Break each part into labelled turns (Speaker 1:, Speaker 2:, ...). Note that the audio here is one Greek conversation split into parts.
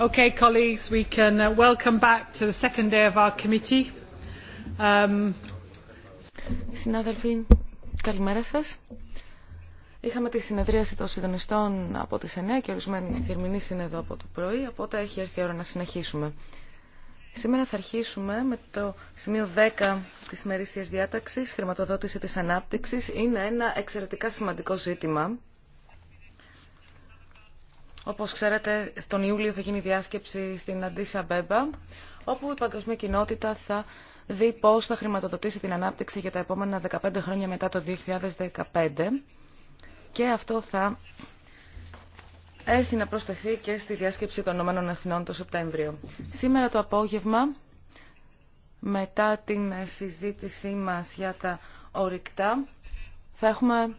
Speaker 1: Okay, colleagues, we can uh, welcome back to the second day of our committee. Um, Συνάδελφοι, καλημέρα σας. Είχαμε τη συνεδρίαση των συντονιστών από τις 9 και ορισμένοι θερμινοί είναι εδώ από το πρωί, οπότε έχει έρθει η ώρα να συνεχίσουμε. Σήμερα θα αρχίσουμε με το σημείο 10 της ημερήσιας διάταξης, χρηματοδότηση της ανάπτυξης. Είναι ένα εξαιρετικά σημαντικό ζήτημα όπως ξέρετε, τον Ιούλιο θα γίνει διάσκεψη στην Αντίσα Μπέμπα, όπου η παγκοσμία κοινότητα θα δει πώς θα χρηματοδοτήσει την ανάπτυξη για τα επόμενα 15 χρόνια μετά το 2015 και αυτό θα έρθει να προσθεθεί και στη διάσκεψη των ΗΠΑ το Σεπτέμβριο. Σήμερα το απόγευμα, μετά την συζήτησή μας για τα ορυκτά, θα έχουμε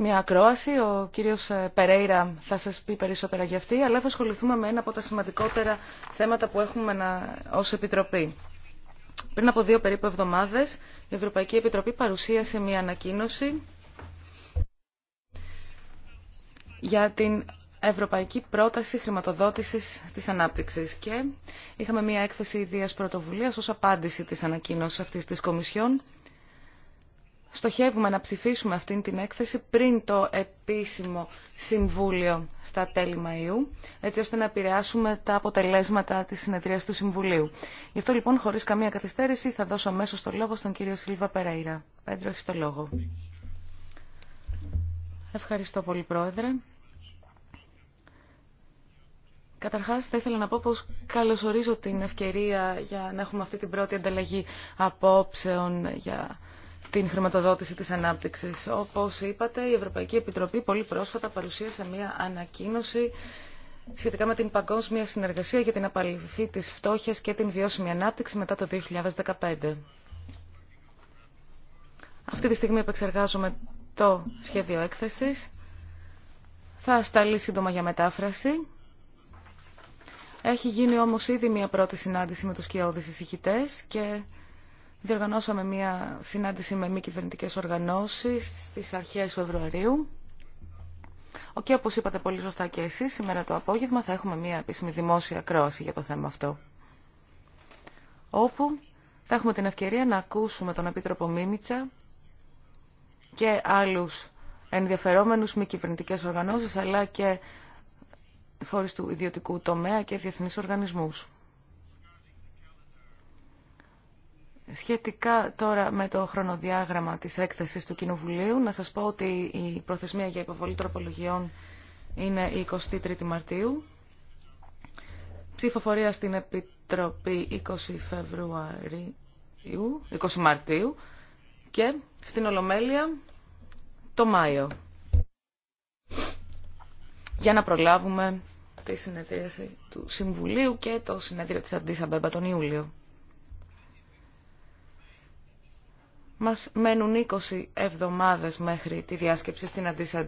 Speaker 1: μια ακρόαση. Ο κύριος ε, Περέιρα θα σας πει περισσότερα για αυτή, αλλά θα ασχοληθούμε με ένα από τα σημαντικότερα θέματα που έχουμε να... ως Επιτροπή. Πριν από δύο περίπου εβδομάδες, η Ευρωπαϊκή Επιτροπή παρουσίασε μια ανακοίνωση για την Ευρωπαϊκή Πρόταση Χρηματοδότησης της Ανάπτυξης και είχαμε μια έκθεση ιδίας πρωτοβουλίας ως απάντηση της ανακοίνωσης αυτής της Κομισιόν στοχεύουμε να ψηφίσουμε αυτή την έκθεση πριν το επίσημο Συμβούλιο στα τέλη Μαΐου, έτσι ώστε να επηρεάσουμε τα αποτελέσματα της συνεδρίας του Συμβουλίου. Γι' αυτό λοιπόν, χωρίς καμία καθυστέρηση, θα δώσω αμέσω το λόγο στον κύριο Σίλβα Περαίρα, Πέντρο, έχεις το λόγο. Ευχαριστώ πολύ, Πρόεδρε. Καταρχάς θα ήθελα να πω πως καλωσορίζω την ευκαιρία για να έχουμε αυτή την πρώτη ανταλλαγή απόψεων για την χρηματοδότηση της ανάπτυξης. Όπως είπατε, η Ευρωπαϊκή Επιτροπή πολύ πρόσφατα παρουσίασε μια ανακοίνωση σχετικά με την παγκόσμια συνεργασία για την απαλληφή της φτώχειας και την βιώσιμη ανάπτυξη μετά το 2015. Αυτή τη στιγμή επεξεργάζομαι το σχέδιο έκθεσης. Θα σταλεί σύντομα για μετάφραση. Έχει γίνει όμως ήδη μια πρώτη συνάντηση με τους κοιόδης εισηγητές και Διοργανώσαμε μια συνάντηση με μη κυβερνητικέ οργανώσεις στι αρχές Φεβρουαρίου. Και όπως είπατε πολύ σωστά και εσεί, σήμερα το απόγευμα θα έχουμε μια επίσημη δημόσια ακρόαση για το θέμα αυτό. Όπου θα έχουμε την ευκαιρία να ακούσουμε τον Επίτροπο Μίμητσα και άλλους ενδιαφερόμενους μη κυβερνητικέ οργανώσει, αλλά και φορείς του ιδιωτικού τομέα και διεθνεί οργανισμού. Σχετικά τώρα με το χρονοδιάγραμμα της έκθεσης του Κοινοβουλίου, να σας πω ότι η προθεσμία για υποβολή τροπολογιών είναι η 23η Μαρτίου. Ψηφοφορία στην Επιτροπή 20 Φεβρουαρίου, 20 Μαρτίου και στην Ολομέλεια το Μάιο. Για να προλάβουμε τη συνεδρίαση του Συμβουλίου και το συνεδρίο της Αντίσα Μπέμπα τον Ιούλιο. Μας μένουν 20 εβδομάδες μέχρι τη διάσκεψη στην Αντίσα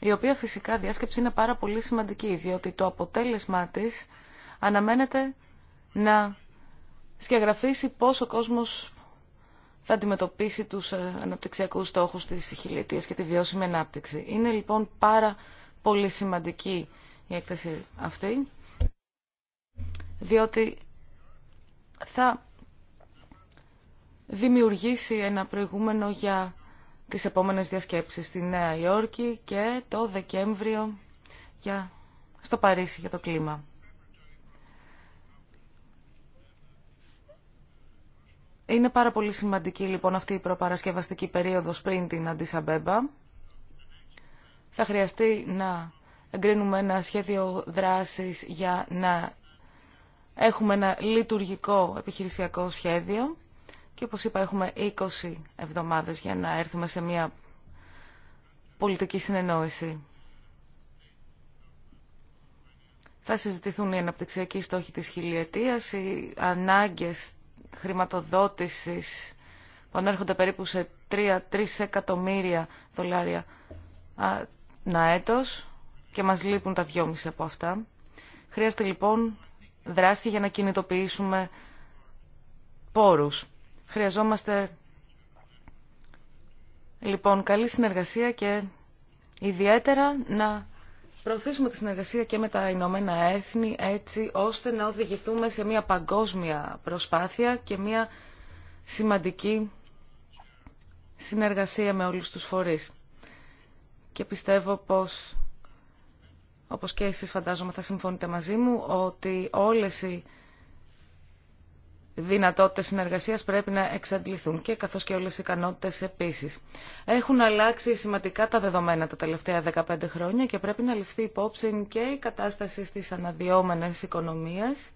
Speaker 1: η οποία φυσικά διάσκεψη είναι πάρα πολύ σημαντική, διότι το αποτέλεσμά της αναμένεται να σκιαγραφίσει πώς ο κόσμος θα αντιμετωπίσει τους ε, αναπτυξιακούς στόχους της χιλιετίας και τη βιώσιμη ανάπτυξη. Είναι λοιπόν πάρα πολύ σημαντική η έκθεση αυτή, διότι θα δημιουργήσει ένα προηγούμενο για τις επόμενες διασκέψεις στη Νέα Υόρκη και το Δεκέμβριο για, στο Παρίσι για το κλίμα. Είναι πάρα πολύ σημαντική λοιπόν αυτή η προπαρασκευαστική περίοδος πριν την Αντισαμπέμπα. Θα χρειαστεί να εγκρίνουμε ένα σχέδιο δράσης για να έχουμε ένα λειτουργικό επιχειρησιακό σχέδιο και όπως είπα έχουμε 20 εβδομάδες για να έρθουμε σε μια πολιτική συνεννόηση. Θα συζητηθούν οι αναπτυξιακοί στόχοι της χιλιετίας, οι ανάγκες χρηματοδότησης που ανέρχονται περίπου σε 3-3 εκατομμύρια δολάρια να έτος και μας λείπουν τα 2,5 από αυτά. Χρειάζεται λοιπόν δράση για να κινητοποιήσουμε πόρους. Χρειαζόμαστε λοιπόν καλή συνεργασία και ιδιαίτερα να προωθήσουμε τη συνεργασία και με τα Ηνωμένα Έθνη έτσι ώστε να οδηγηθούμε σε μια παγκόσμια προσπάθεια και μια σημαντική συνεργασία με όλους τους φορείς. Και πιστεύω πως, όπως και εσείς φαντάζομαι θα συμφωνείτε μαζί μου, ότι όλες οι δυνατότητες συνεργασίας πρέπει να εξαντληθούν και καθώς και όλες οι ικανότητες επίσης. Έχουν αλλάξει σημαντικά τα δεδομένα τα τελευταία 15 χρόνια και πρέπει να ληφθεί υπόψη και η κατάσταση στις αναδυόμενες οικονομίες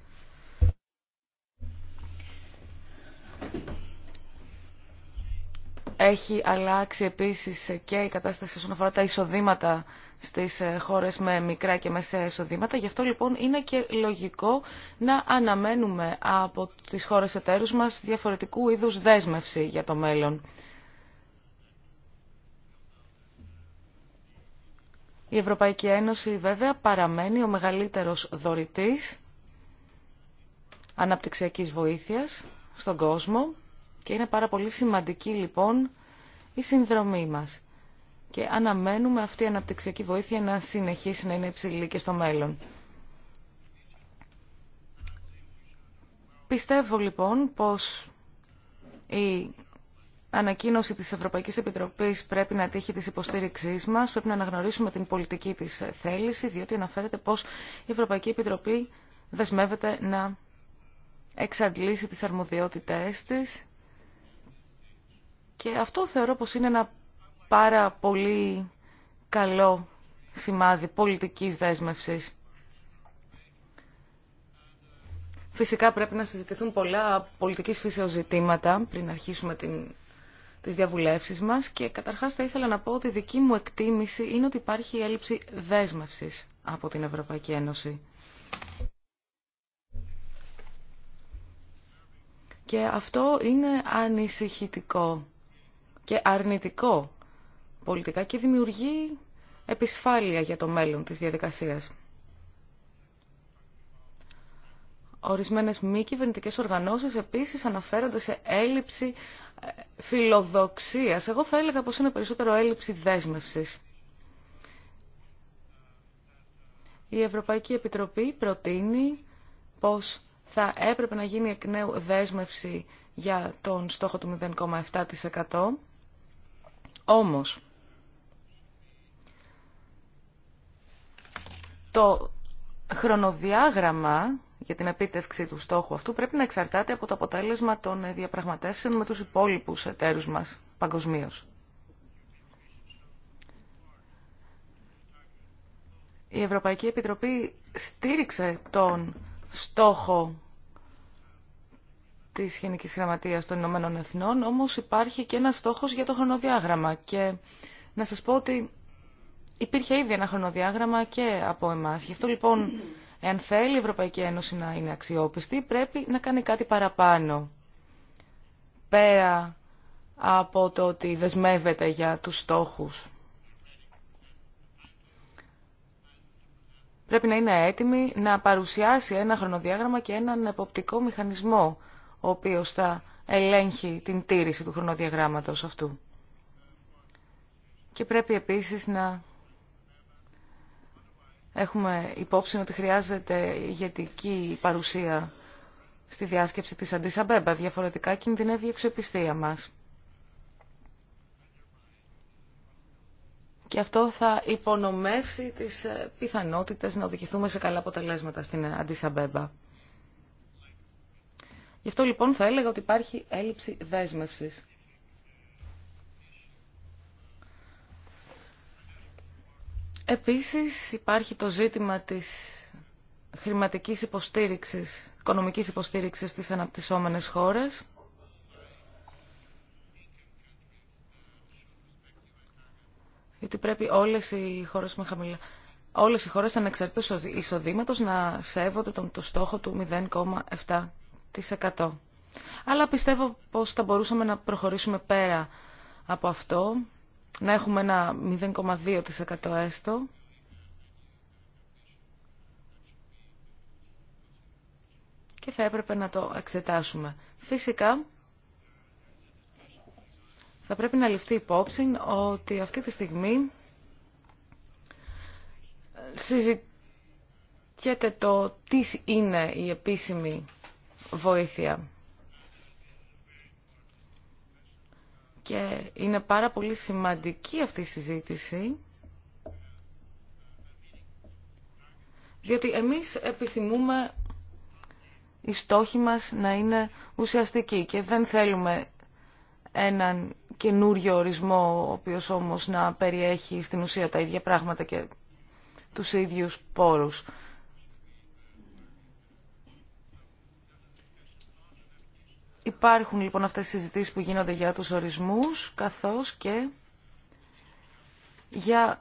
Speaker 1: Έχει αλλάξει επίσης και η κατάσταση όσον αφορά τα εισοδήματα στις ε, χώρες με μικρά και μεσαία εισοδήματα. Γι' αυτό λοιπόν είναι και λογικό να αναμένουμε από τις χώρες εταίρους μας διαφορετικού είδους δέσμευση για το μέλλον. Η Ευρωπαϊκή Ένωση βέβαια παραμένει ο μεγαλύτερος δωρητής αναπτυξιακής βοήθειας στον κόσμο και είναι πάρα πολύ σημαντική λοιπόν η συνδρομή μας. Και αναμένουμε αυτή η αναπτυξιακή βοήθεια να συνεχίσει να είναι υψηλή και στο μέλλον. Πιστεύω λοιπόν πως η ανακοίνωση της Ευρωπαϊκής Επιτροπής πρέπει να τύχει της υποστήριξής μας, πρέπει να αναγνωρίσουμε την πολιτική της θέληση, διότι αναφέρεται πως η Ευρωπαϊκή Επιτροπή δεσμεύεται να εξαντλήσει τις αρμοδιότητές της και αυτό θεωρώ πως είναι ένα πάρα πολύ καλό σημάδι πολιτικής δέσμευσης. Φυσικά πρέπει να συζητηθούν πολλά πολιτικής φυσιοζητήματα πριν αρχίσουμε την, τις διαβουλεύσεις μας και καταρχάς θα ήθελα να πω ότι η δική μου εκτίμηση είναι ότι υπάρχει έλλειψη δέσμευσης από την Ευρωπαϊκή Ένωση. Και αυτό είναι ανησυχητικό και αρνητικό πολιτικά και δημιουργεί επισφάλεια για το μέλλον της διαδικασίας. Ορισμένες μη κυβερνητικέ οργανώσεις επίσης αναφέρονται σε έλλειψη ε, φιλοδοξίας. Εγώ θα έλεγα πως είναι περισσότερο έλλειψη δέσμευσης. Η Ευρωπαϊκή Επιτροπή προτείνει πως θα έπρεπε να γίνει εκ νέου δέσμευση για τον στόχο του 0,7% όμως, το χρονοδιάγραμμα για την επίτευξη του στόχου αυτού πρέπει να εξαρτάται από το αποτέλεσμα των διαπραγματεύσεων με τους υπόλοιπους εταίρους μας παγκοσμίω. Η Ευρωπαϊκή Επιτροπή στήριξε τον στόχο τη Γενικής Γραμματείας των Ηνωμένων Εθνών, όμως υπάρχει και ένας στόχος για το χρονοδιάγραμμα και να σας πω ότι υπήρχε ήδη ένα χρονοδιάγραμμα και από εμάς. Γι' αυτό λοιπόν, εάν θέλει η Ευρωπαϊκή Ένωση να είναι αξιόπιστη, πρέπει να κάνει κάτι παραπάνω. Πέρα από το ότι δεσμεύεται για τους στόχους. Πρέπει να είναι έτοιμη να παρουσιάσει ένα χρονοδιάγραμμα και έναν εποπτικό μηχανισμό ο οποίος θα ελέγχει την τήρηση του χρονοδιαγράμματος αυτού. Και πρέπει επίσης να έχουμε υπόψη ότι χρειάζεται ηγετική παρουσία στη διάσκεψη της Αντισαμπέμπα. Διαφορετικά κινδυνεύει η εξοπιστία μας. Και αυτό θα υπονομεύσει τις πιθανότητες να οδηγηθούμε σε καλά αποτελέσματα στην Αντισαμπέμπα. Γι' αυτό λοιπόν θα έλεγα ότι υπάρχει έλλειψη δέσμευσης. Επίσης υπάρχει το ζήτημα της χρηματικής υποστήριξης, οικονομικής υποστήριξης στις αναπτυσσόμενες χώρες. Γιατί πρέπει όλες οι χώρες με χαμηλά... Όλες οι χώρες ανεξαρτήτως εισοδήματος να σέβονται τον, το στόχο του 0,7 100. Αλλά πιστεύω πως θα μπορούσαμε να προχωρήσουμε πέρα από αυτό, να έχουμε ένα 0,2% έστω. Και θα έπρεπε να το εξετάσουμε. Φυσικά, θα πρέπει να ληφθεί υπόψη ότι αυτή τη στιγμή συζητιέται το τι είναι η επίσημη βοήθεια. Και είναι πάρα πολύ σημαντική αυτή η συζήτηση, διότι εμείς επιθυμούμε οι στόχοι μας να είναι ουσιαστικοί και δεν θέλουμε έναν καινούριο ορισμό, ο οποίος όμως να περιέχει στην ουσία τα ίδια πράγματα και τους ίδιους πόρους. Υπάρχουν λοιπόν αυτές οι συζητήσεις που γίνονται για τους ορισμούς, καθώς και για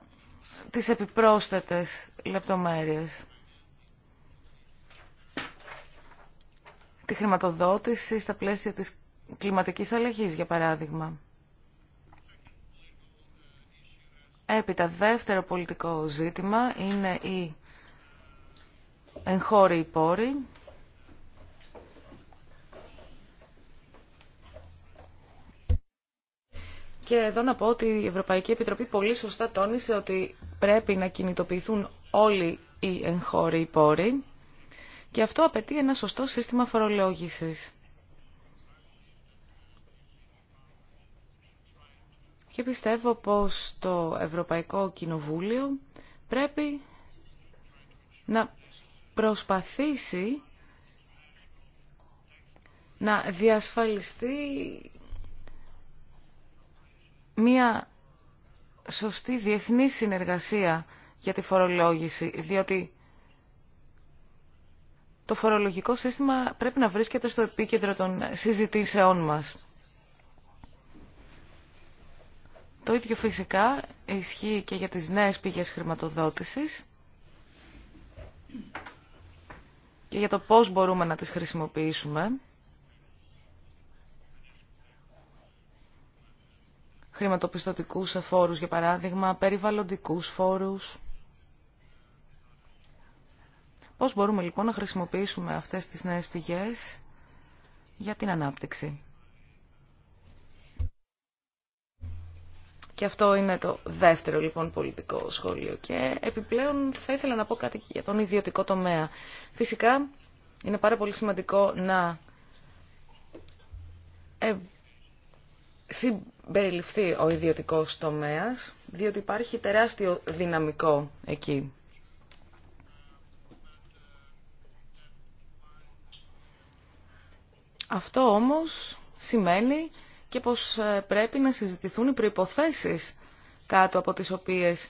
Speaker 1: τις επιπρόσθετες λεπτομέρειες. Τη χρηματοδότηση στα πλαίσια της κλιματικής αλλαγής, για παράδειγμα. Έπειτα, δεύτερο πολιτικό ζήτημα είναι η εγχώρη πόροι Και εδώ να πω ότι η Ευρωπαϊκή Επιτροπή πολύ σωστά τόνισε ότι πρέπει να κινητοποιηθούν όλοι οι εγχώροι πόροι και αυτό απαιτεί ένα σωστό σύστημα φορολόγησης. Και πιστεύω πως το Ευρωπαϊκό Κοινοβούλιο πρέπει να προσπαθήσει να διασφαλιστεί μία σωστή διεθνή συνεργασία για τη φορολόγηση, διότι το φορολογικό σύστημα πρέπει να βρίσκεται στο επίκεντρο των συζητήσεών μας. Το ίδιο φυσικά ισχύει και για τις νέες πηγές χρηματοδότησης και για το πώς μπορούμε να τις χρησιμοποιήσουμε. χρηματοπιστωτικούς φόρους, για παράδειγμα, περιβαλλοντικούς φόρους. Πώς μπορούμε λοιπόν να χρησιμοποιήσουμε αυτές τις νέες πηγές για την ανάπτυξη. Και αυτό είναι το δεύτερο λοιπόν πολιτικό σχόλιο. Και επιπλέον θα ήθελα να πω κάτι για τον ιδιωτικό τομέα. Φυσικά είναι πάρα πολύ σημαντικό να συμπεριληφθεί ο ιδιωτικός τομέας, διότι υπάρχει τεράστιο δυναμικό εκεί. Αυτό όμως σημαίνει και πως ε, πρέπει να συζητηθούν οι προϋποθέσεις κάτω από τις οποίες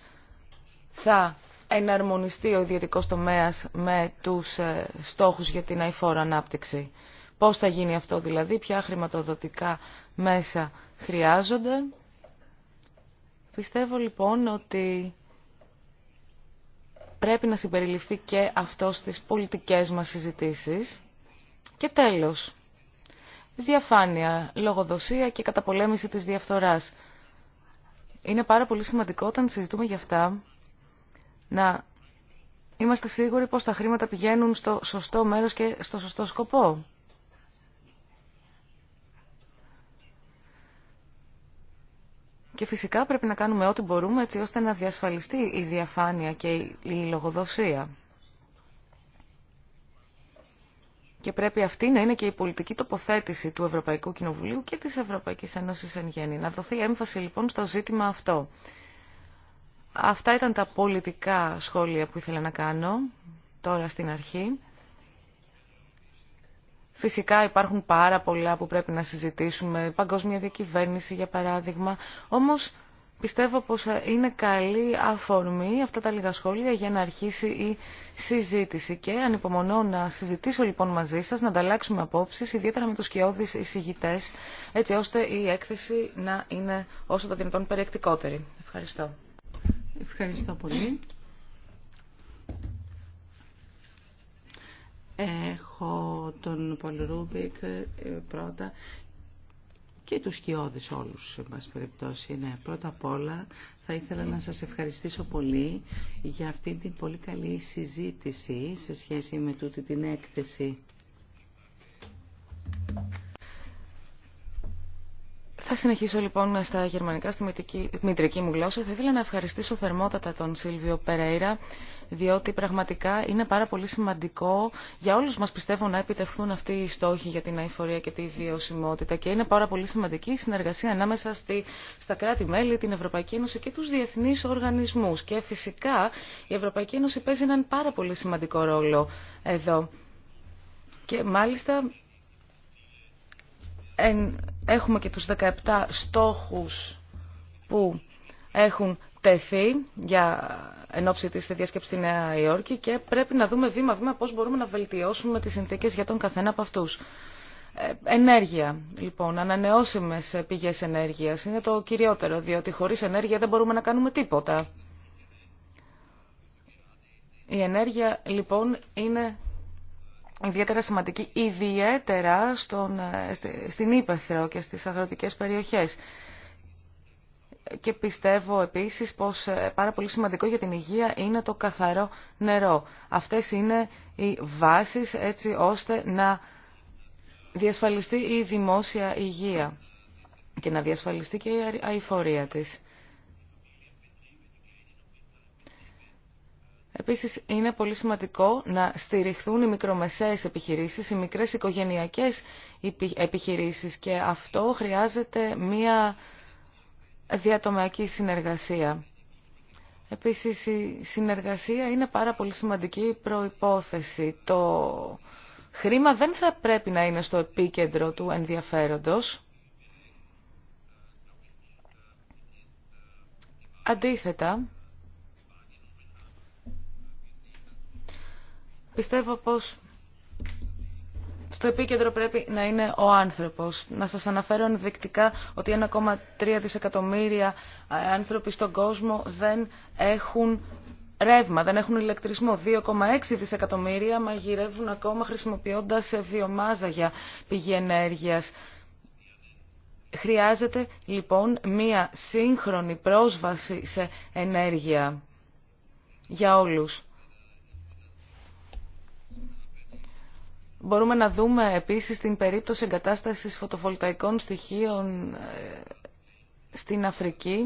Speaker 1: θα εναρμονιστεί ο ιδιωτικό τομέας με τους ε, στόχους για την αηφόρο ανάπτυξη. Πώς θα γίνει αυτό δηλαδή, ποια χρηματοδοτικά μέσα χρειάζονται. Πιστεύω λοιπόν ότι πρέπει να συμπεριληφθεί και αυτό στις πολιτικές μας συζητήσεις. Και τέλος, διαφάνεια, λογοδοσία και καταπολέμηση της διαφθοράς. Είναι πάρα πολύ σημαντικό όταν συζητούμε για αυτά να είμαστε σίγουροι πως τα χρήματα πηγαίνουν στο σωστό μέρος και στο σωστό σκοπό. Και φυσικά πρέπει να κάνουμε ό,τι μπορούμε έτσι ώστε να διασφαλιστεί η διαφάνεια και η λογοδοσία. Και πρέπει αυτή να είναι και η πολιτική τοποθέτηση του Ευρωπαϊκού Κοινοβουλίου και της Ευρωπαϊκής Ένωσης εν γέννη. Να δοθεί έμφαση λοιπόν στο ζήτημα αυτό. Αυτά ήταν τα πολιτικά σχόλια που ήθελα να κάνω τώρα στην αρχή. Φυσικά υπάρχουν πάρα πολλά που πρέπει να συζητήσουμε, παγκόσμια διακυβέρνηση για παράδειγμα, όμως πιστεύω πως ε, είναι καλή αφορμή αυτά τα λίγα σχόλια για να αρχίσει η συζήτηση και ανυπομονώ να συζητήσω λοιπόν μαζί σας, να ανταλλάξουμε απόψεις, ιδιαίτερα με τους σκιώδεις εισηγητές, έτσι ώστε η έκθεση να είναι όσο το δυνατόν περιεκτικότερη. Ευχαριστώ. Ευχαριστώ πολύ.
Speaker 2: Έχω τον Πολυρούμπικ ε, πρώτα και τους κοιόδης όλους, μας περιπτώσει. Ναι, πρώτα απ' όλα θα ήθελα να σας ευχαριστήσω πολύ για αυτή την πολύ καλή συζήτηση σε σχέση με τούτη την
Speaker 1: έκθεση. Θα συνεχίσω λοιπόν στα γερμανικά, στη μητρική μου γλώσσα. Θα ήθελα να ευχαριστήσω θερμότατα τον Σίλβιο Περέιρα, διότι πραγματικά είναι πάρα πολύ σημαντικό για όλου μα πιστεύω να επιτευχθούν αυτοί οι στόχοι για την αηφορία και τη βιωσιμότητα και είναι πάρα πολύ σημαντική η συνεργασία ανάμεσα στη, στα κράτη-μέλη, την Ευρωπαϊκή Ένωση και του διεθνεί οργανισμού. Και φυσικά η Ευρωπαϊκή Ένωση παίζει έναν πάρα πολύ σημαντικό ρόλο εδώ. Και μάλιστα έχουμε και τους 17 στόχους που έχουν τεθεί για εν ώψη της διάσκεψης στη Νέα Υόρκη και πρέπει να δούμε βήμα-βήμα πώς μπορούμε να βελτιώσουμε τις συνθήκες για τον καθένα από αυτούς. Ε, ενέργεια, λοιπόν, ανανεώσιμες πηγές ενέργειας είναι το κυριότερο, διότι χωρίς ενέργεια δεν μπορούμε να κάνουμε τίποτα. Η ενέργεια, λοιπόν, είναι ιδιαίτερα σημαντική, ιδιαίτερα στον, ε, στην Ήπεθρο και στις αγροτικές περιοχές. Και πιστεύω επίσης πως ε, πάρα πολύ σημαντικό για την υγεία είναι το καθαρό νερό. Αυτές είναι οι βάσεις έτσι ώστε να διασφαλιστεί η δημόσια υγεία και να διασφαλιστεί και η αηφορία της. Επίσης είναι πολύ σημαντικό να στηριχθούν οι μικρομεσαίες επιχειρήσεις, οι μικρές οικογενειακές επιχειρήσεις και αυτό χρειάζεται μία διατομιακή συνεργασία. Επίσης η συνεργασία είναι πάρα πολύ σημαντική προϋπόθεση. Το χρήμα δεν θα πρέπει να είναι στο επίκεντρο του ενδιαφέροντος. Αντίθετα, Πιστεύω πως στο επίκεντρο πρέπει να είναι ο άνθρωπος. Να σας αναφέρω ενδεικτικά ότι 1,3 δισεκατομμύρια ε, άνθρωποι στον κόσμο δεν έχουν ρεύμα, δεν έχουν ηλεκτρισμό. 2,6 δισεκατομμύρια μαγειρεύουν ακόμα χρησιμοποιώντας βιομάζα για πηγή ενέργειας. Χρειάζεται λοιπόν μία σύγχρονη πρόσβαση σε ενέργεια για όλους. Μπορούμε να δούμε επίσης την περίπτωση εγκατάστασης φωτοβολταϊκών στοιχείων ε, στην Αφρική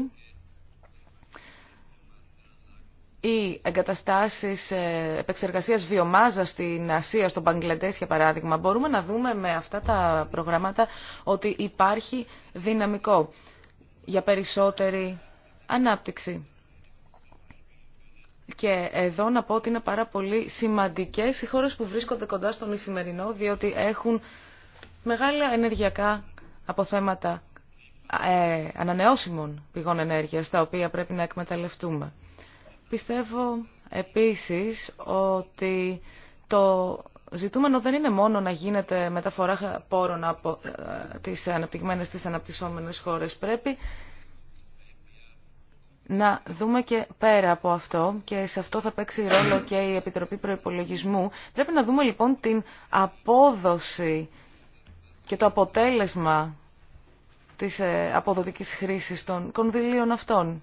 Speaker 1: ή εγκαταστάσεις ε, επεξεργασίας βιομάζας στην Ασία, στον Παγκλαντές για παράδειγμα. Μπορούμε να δούμε με αυτά τα προγράμματα ότι υπάρχει δυναμικό για περισσότερη ανάπτυξη. Και εδώ να πω ότι είναι πάρα πολύ σημαντικές οι χώρες που βρίσκονται κοντά στον Ισημερινό, διότι έχουν μεγάλα ενεργειακά αποθέματα ε, ανανεώσιμων πηγών ενέργειας, τα οποία πρέπει να εκμεταλλευτούμε. Πιστεύω επίσης ότι το ζητούμενο δεν είναι μόνο να γίνεται μεταφορά πόρων από ε, τις αναπτυγμένες, τις αναπτυσσόμενες χώρες. Πρέπει να δούμε και πέρα από αυτό και σε αυτό θα παίξει ρόλο και η Επιτροπή Προϋπολογισμού. Πρέπει να δούμε λοιπόν την απόδοση και το αποτέλεσμα της ε, αποδοτικής χρήσης των κονδυλίων αυτών.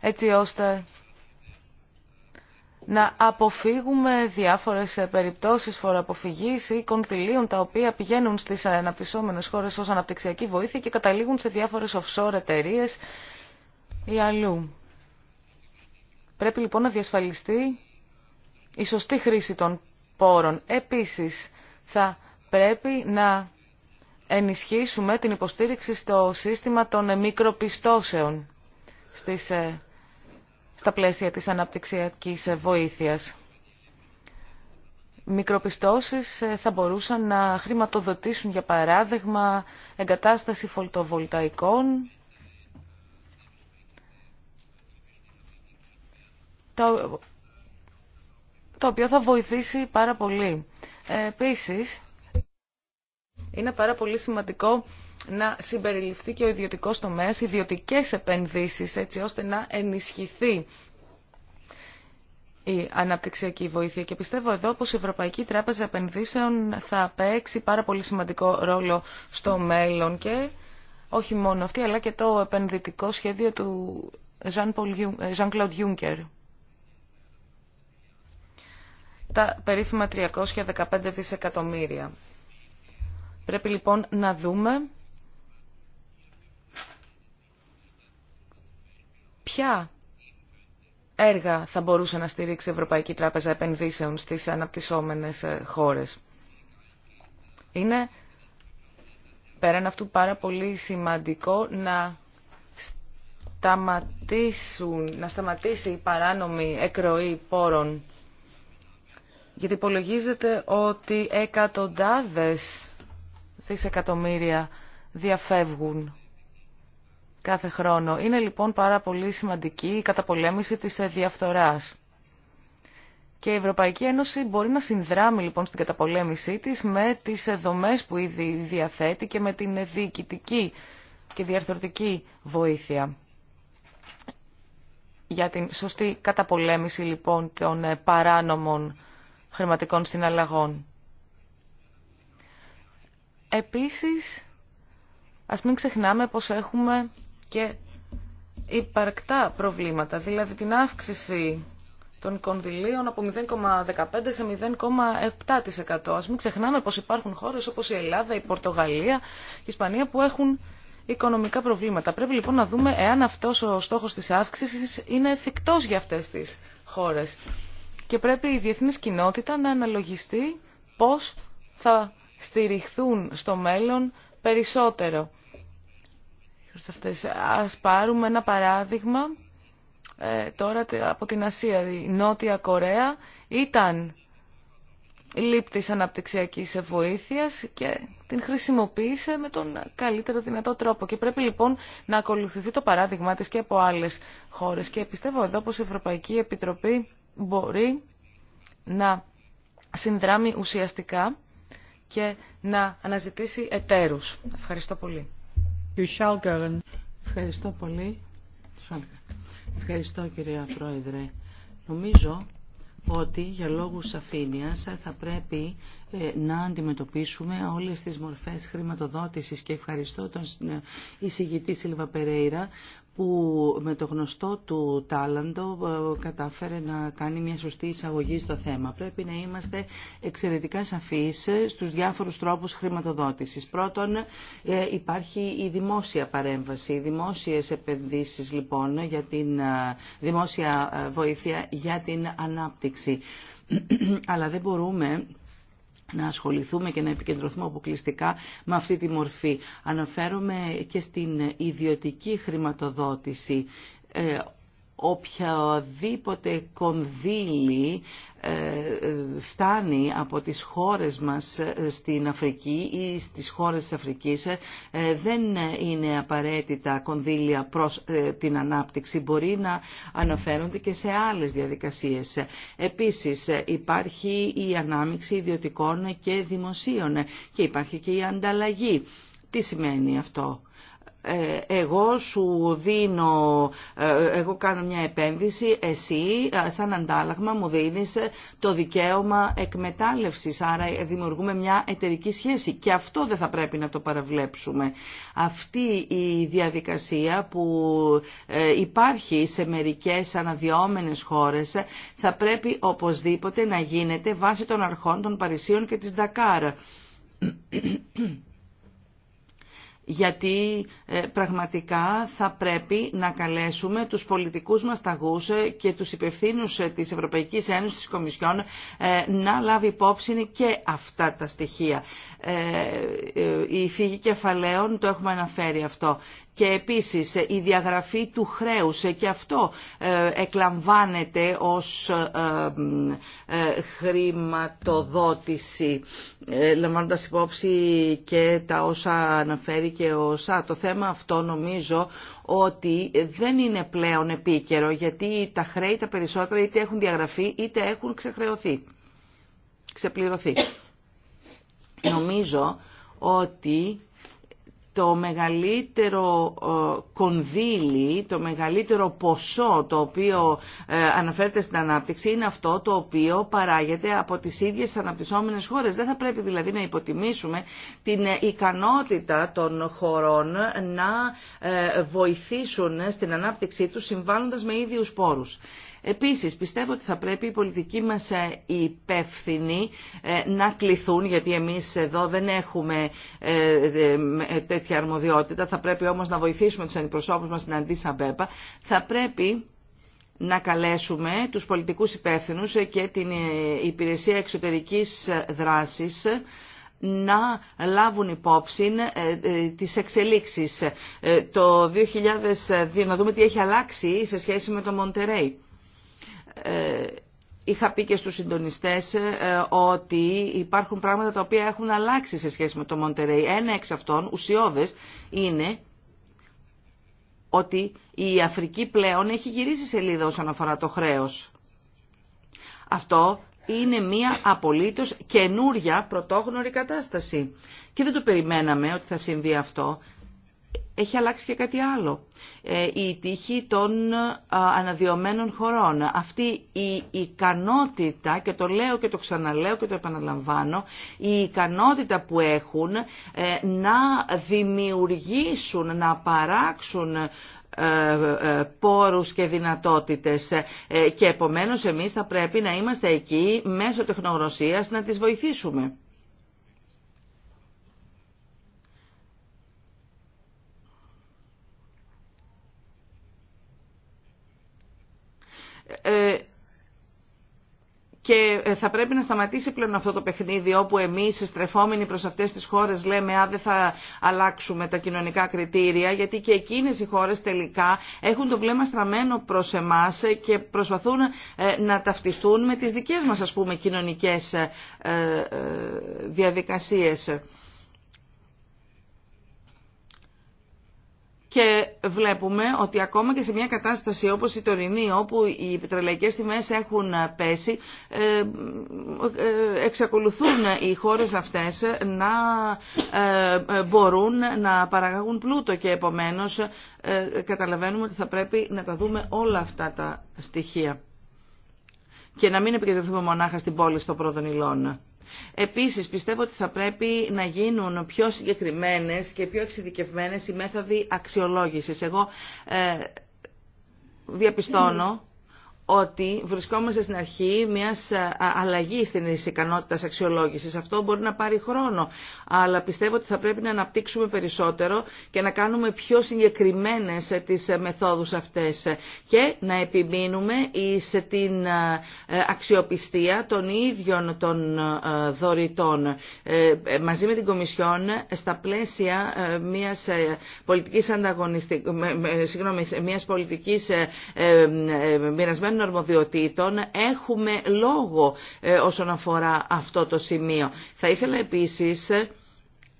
Speaker 1: Έτσι ώστε να αποφύγουμε διάφορες περιπτώσεις φοροαποφυγής ή κοντιλίων τα οποία πηγαίνουν στις αναπτυσσόμενες χώρες ως αναπτυξιακή βοήθεια και καταλήγουν σε διάφορες offshore εταιρείε ή αλλού. Πρέπει λοιπόν να διασφαλιστεί η σωστή χρήση των πόρων. Επίσης θα πρέπει να ενισχύσουμε την υποστήριξη στο σύστημα των μικροπιστώσεων στις ε, στα πλαίσια της αναπτυξιακής βοήθειας. Μικροπιστώσεις ε, θα μπορούσαν να χρηματοδοτήσουν, για παράδειγμα, εγκατάσταση φωτοβολταϊκών, το, οποίο θα βοηθήσει πάρα πολύ. Ε, επίσης, είναι πάρα πολύ σημαντικό να συμπεριληφθεί και ο ιδιωτικός τομέας, ιδιωτικές επενδύσεις, έτσι ώστε να ενισχυθεί η αναπτυξιακή βοήθεια. Και πιστεύω εδώ πως η Ευρωπαϊκή Τράπεζα Επενδύσεων θα παίξει πάρα πολύ σημαντικό ρόλο στο μέλλον και όχι μόνο αυτή, αλλά και το επενδυτικό σχέδιο του ε, Jean-Claude Juncker. Τα περίφημα 315 δισεκατομμύρια. Πρέπει λοιπόν να δούμε ποια έργα θα μπορούσε να στηρίξει η Ευρωπαϊκή Τράπεζα Επενδύσεων στις αναπτυσσόμενες ε, χώρες. Είναι πέραν αυτού πάρα πολύ σημαντικό να σταματήσουν, να σταματήσει η παράνομη εκροή πόρων γιατί υπολογίζεται ότι εκατοντάδες δισεκατομμύρια διαφεύγουν κάθε χρόνο. Είναι λοιπόν πάρα πολύ σημαντική η καταπολέμηση της ε, διαφθοράς. Και η Ευρωπαϊκή Ένωση μπορεί να συνδράμει λοιπόν στην καταπολέμησή της με τις ε, δομές που ήδη διαθέτει και με την ε, διοικητική και διαρθρωτική βοήθεια. Για την σωστή καταπολέμηση λοιπόν των παράνομων χρηματικών συναλλαγών. Επίσης, ας μην ξεχνάμε πως έχουμε και υπαρκτά προβλήματα, δηλαδή την αύξηση των κονδυλίων από 0,15% σε 0,7%. Ας μην ξεχνάμε πως υπάρχουν χώρες όπως η Ελλάδα, η Πορτογαλία, η Ισπανία που έχουν οικονομικά προβλήματα. Πρέπει λοιπόν να δούμε εάν αυτός ο στόχος της αύξησης είναι εφικτός για αυτές τις χώρες. Και πρέπει η διεθνής κοινότητα να αναλογιστεί πώς θα στηριχθούν στο μέλλον περισσότερο Ας πάρουμε ένα παράδειγμα ε, τώρα από την Ασία. Η Νότια Κορέα ήταν λήπτης αναπτυξιακής βοήθειας και την χρησιμοποίησε με τον καλύτερο δυνατό τρόπο. Και πρέπει λοιπόν να ακολουθηθεί το παράδειγμα της και από άλλες χώρες. Και πιστεύω εδώ πως η Ευρωπαϊκή Επιτροπή μπορεί να συνδράμει ουσιαστικά και να αναζητήσει εταίρους. Ευχαριστώ πολύ. Ευχαριστώ πολύ.
Speaker 2: Ευχαριστώ κυρία Πρόεδρε. Νομίζω ότι για λόγους σαφήνειας θα πρέπει ε, να αντιμετωπίσουμε όλες τις μορφές χρηματοδότησης και ευχαριστώ τον ε, εισηγητή Σίλβα Περέιρα που με το γνωστό του τάλαντο ε, κατάφερε να κάνει μια σωστή εισαγωγή στο θέμα. Πρέπει να είμαστε εξαιρετικά σαφείς στους διάφορους τρόπους χρηματοδότησης. Πρώτον, ε, υπάρχει η δημόσια παρέμβαση, οι δημόσιες επενδύσεις λοιπόν, για την ε, δημόσια βοήθεια για την ανάπτυξη. Αλλά δεν μπορούμε να ασχοληθούμε και να επικεντρωθούμε αποκλειστικά με αυτή τη μορφή. Αναφέρομαι και στην ιδιωτική χρηματοδότηση ε, οποιαδήποτε κονδύλι ε, φτάνει από τις χώρες μας ε, στην Αφρική ή στις χώρες της Αφρικής ε, δεν είναι απαραίτητα κονδύλια προς την ανάπτυξη. Μπορεί να αναφέρονται και σε άλλες διαδικασίες. Επίσης υπάρχει η ανάμειξη ιδιωτικών και δημοσίων και υπάρχει και η ανταλλαγή. Τι σημαίνει αυτό. Ε, εγώ σου δίνω, ε, εγώ κάνω μια επένδυση, εσύ ε, σαν αντάλλαγμα μου δίνεις το δικαίωμα εκμετάλλευσης, άρα δημιουργούμε μια εταιρική σχέση και αυτό δεν θα πρέπει να το παραβλέψουμε. Αυτή η διαδικασία που υπάρχει σε μερικές αναδυόμενες χώρες θα πρέπει οπωσδήποτε να γίνεται βάσει των αρχών των Παρισίων και της δακάρα γιατί ε, πραγματικά θα πρέπει να καλέσουμε τους πολιτικούς μας ταγούς ε, και τους υπευθύνους ε, της Ευρωπαϊκής Ένωσης της Κομισιόν να λάβει υπόψη και αυτά τα στοιχεία. Ε, ε, η φύγη κεφαλαίων, το έχουμε αναφέρει αυτό. Και επίσης η διαγραφή του χρέους ε, και αυτό εκλαμβάνεται ως χρηματοδότηση λαμβάνοντας υπόψη και τα όσα αναφέρει και ο Το θέμα αυτό νομίζω ότι δεν είναι πλέον επίκαιρο γιατί τα χρέη τα περισσότερα είτε έχουν διαγραφεί είτε έχουν ξεχρεωθεί, ξεπληρωθεί. Νομίζω ότι το μεγαλύτερο ε, κονδύλι, το μεγαλύτερο ποσό το οποίο ε, αναφέρεται στην ανάπτυξη είναι αυτό το οποίο παράγεται από τις ίδιες αναπτυσσόμενες χώρες. Δεν θα πρέπει δηλαδή να υποτιμήσουμε την ε, ικανότητα των χωρών να βοηθήσουν στην ανάπτυξή τους συμβάλλοντας με ίδιους πόρους. Επίσης, πιστεύω ότι θα πρέπει οι πολιτικοί μας ε, υπεύθυνοι ε, να κληθούν, γιατί εμείς εδώ δεν έχουμε ε, τέτοια αρμοδιότητα, θα πρέπει όμως να βοηθήσουμε τους αντιπροσώπους μας στην Αντίσα Μπέπα, θα πρέπει να καλέσουμε τους πολιτικούς υπεύθυνους και την Υπηρεσία Εξωτερικής Δράσης να λάβουν υπόψη τις εξελίξεις. Το 2002, να δούμε τι έχει αλλάξει σε σχέση με το Μοντερέι. Ε, είχα πει και στους συντονιστές ε, ότι υπάρχουν πράγματα τα οποία έχουν αλλάξει σε σχέση με το Μοντερέι. Ένα εξ αυτών, ουσιώδες, είναι ότι η Αφρική πλέον έχει γυρίσει σελίδα όσον αφορά το χρέος. Αυτό είναι μια απολύτως καινούρια πρωτόγνωρη κατάσταση. Και δεν το περιμέναμε ότι θα συμβεί αυτό έχει αλλάξει και κάτι άλλο. Ε, η τύχη των αναδειωμένων χωρών. Αυτή η ικανότητα, και το λέω και το ξαναλέω και το επαναλαμβάνω, η ικανότητα που έχουν ε, να δημιουργήσουν, να παράξουν ε, πόρους και δυνατότητες και επομένως εμείς θα πρέπει να είμαστε εκεί μέσω τεχνογνωσίας να τις βοηθήσουμε. Ε, και ε, θα πρέπει να σταματήσει πλέον αυτό το παιχνίδι όπου εμείς στρεφόμενοι προς αυτές τις χώρες λέμε «Α, δεν θα αλλάξουμε τα κοινωνικά κριτήρια» γιατί και εκείνες οι χώρες τελικά έχουν το βλέμμα στραμμένο προς εμάς και προσπαθούν ε, να ταυτιστούν με τις δικές μας ας πούμε κοινωνικές διαδικασίες. και βλέπουμε ότι ακόμα και σε μια κατάσταση όπως η τωρινή όπου οι πετρελαϊκές τιμές έχουν πέσει ε, ε, εξακολουθούν οι χώρες αυτές να ε, μπορούν να παραγάγουν πλούτο και επομένως καταλαβαίνουμε ότι θα πρέπει να τα δούμε όλα αυτά τα στοιχεία και να μην επικεντρωθούμε μονάχα στην πόλη στο πρώτο νηλόν. Επίσης πιστεύω ότι θα πρέπει να γίνουν πιο συγκεκριμένες και πιο εξειδικευμένες οι μέθοδοι αξιολόγησης. Εγώ ε, διαπιστώνω ότι βρισκόμαστε στην αρχή μιας αλλαγή στην ικανότητα αξιολόγησης. Αυτό μπορεί να πάρει χρόνο, αλλά πιστεύω ότι θα πρέπει να αναπτύξουμε περισσότερο και να κάνουμε πιο συγκεκριμένες ε, τι ε, μεθόδους αυτέ. και να επιμείνουμε σε την ε, αξιοπιστία των ίδιων των δωρητών. Μαζί με την Κομισιόν, στα πλαίσια μιας πολιτικής, ανταγωνιστική μιας συγκεκριμένων αρμοδιοτήτων έχουμε λόγο ε, όσον αφορά αυτό το σημείο. Θα ήθελα επίσης ε,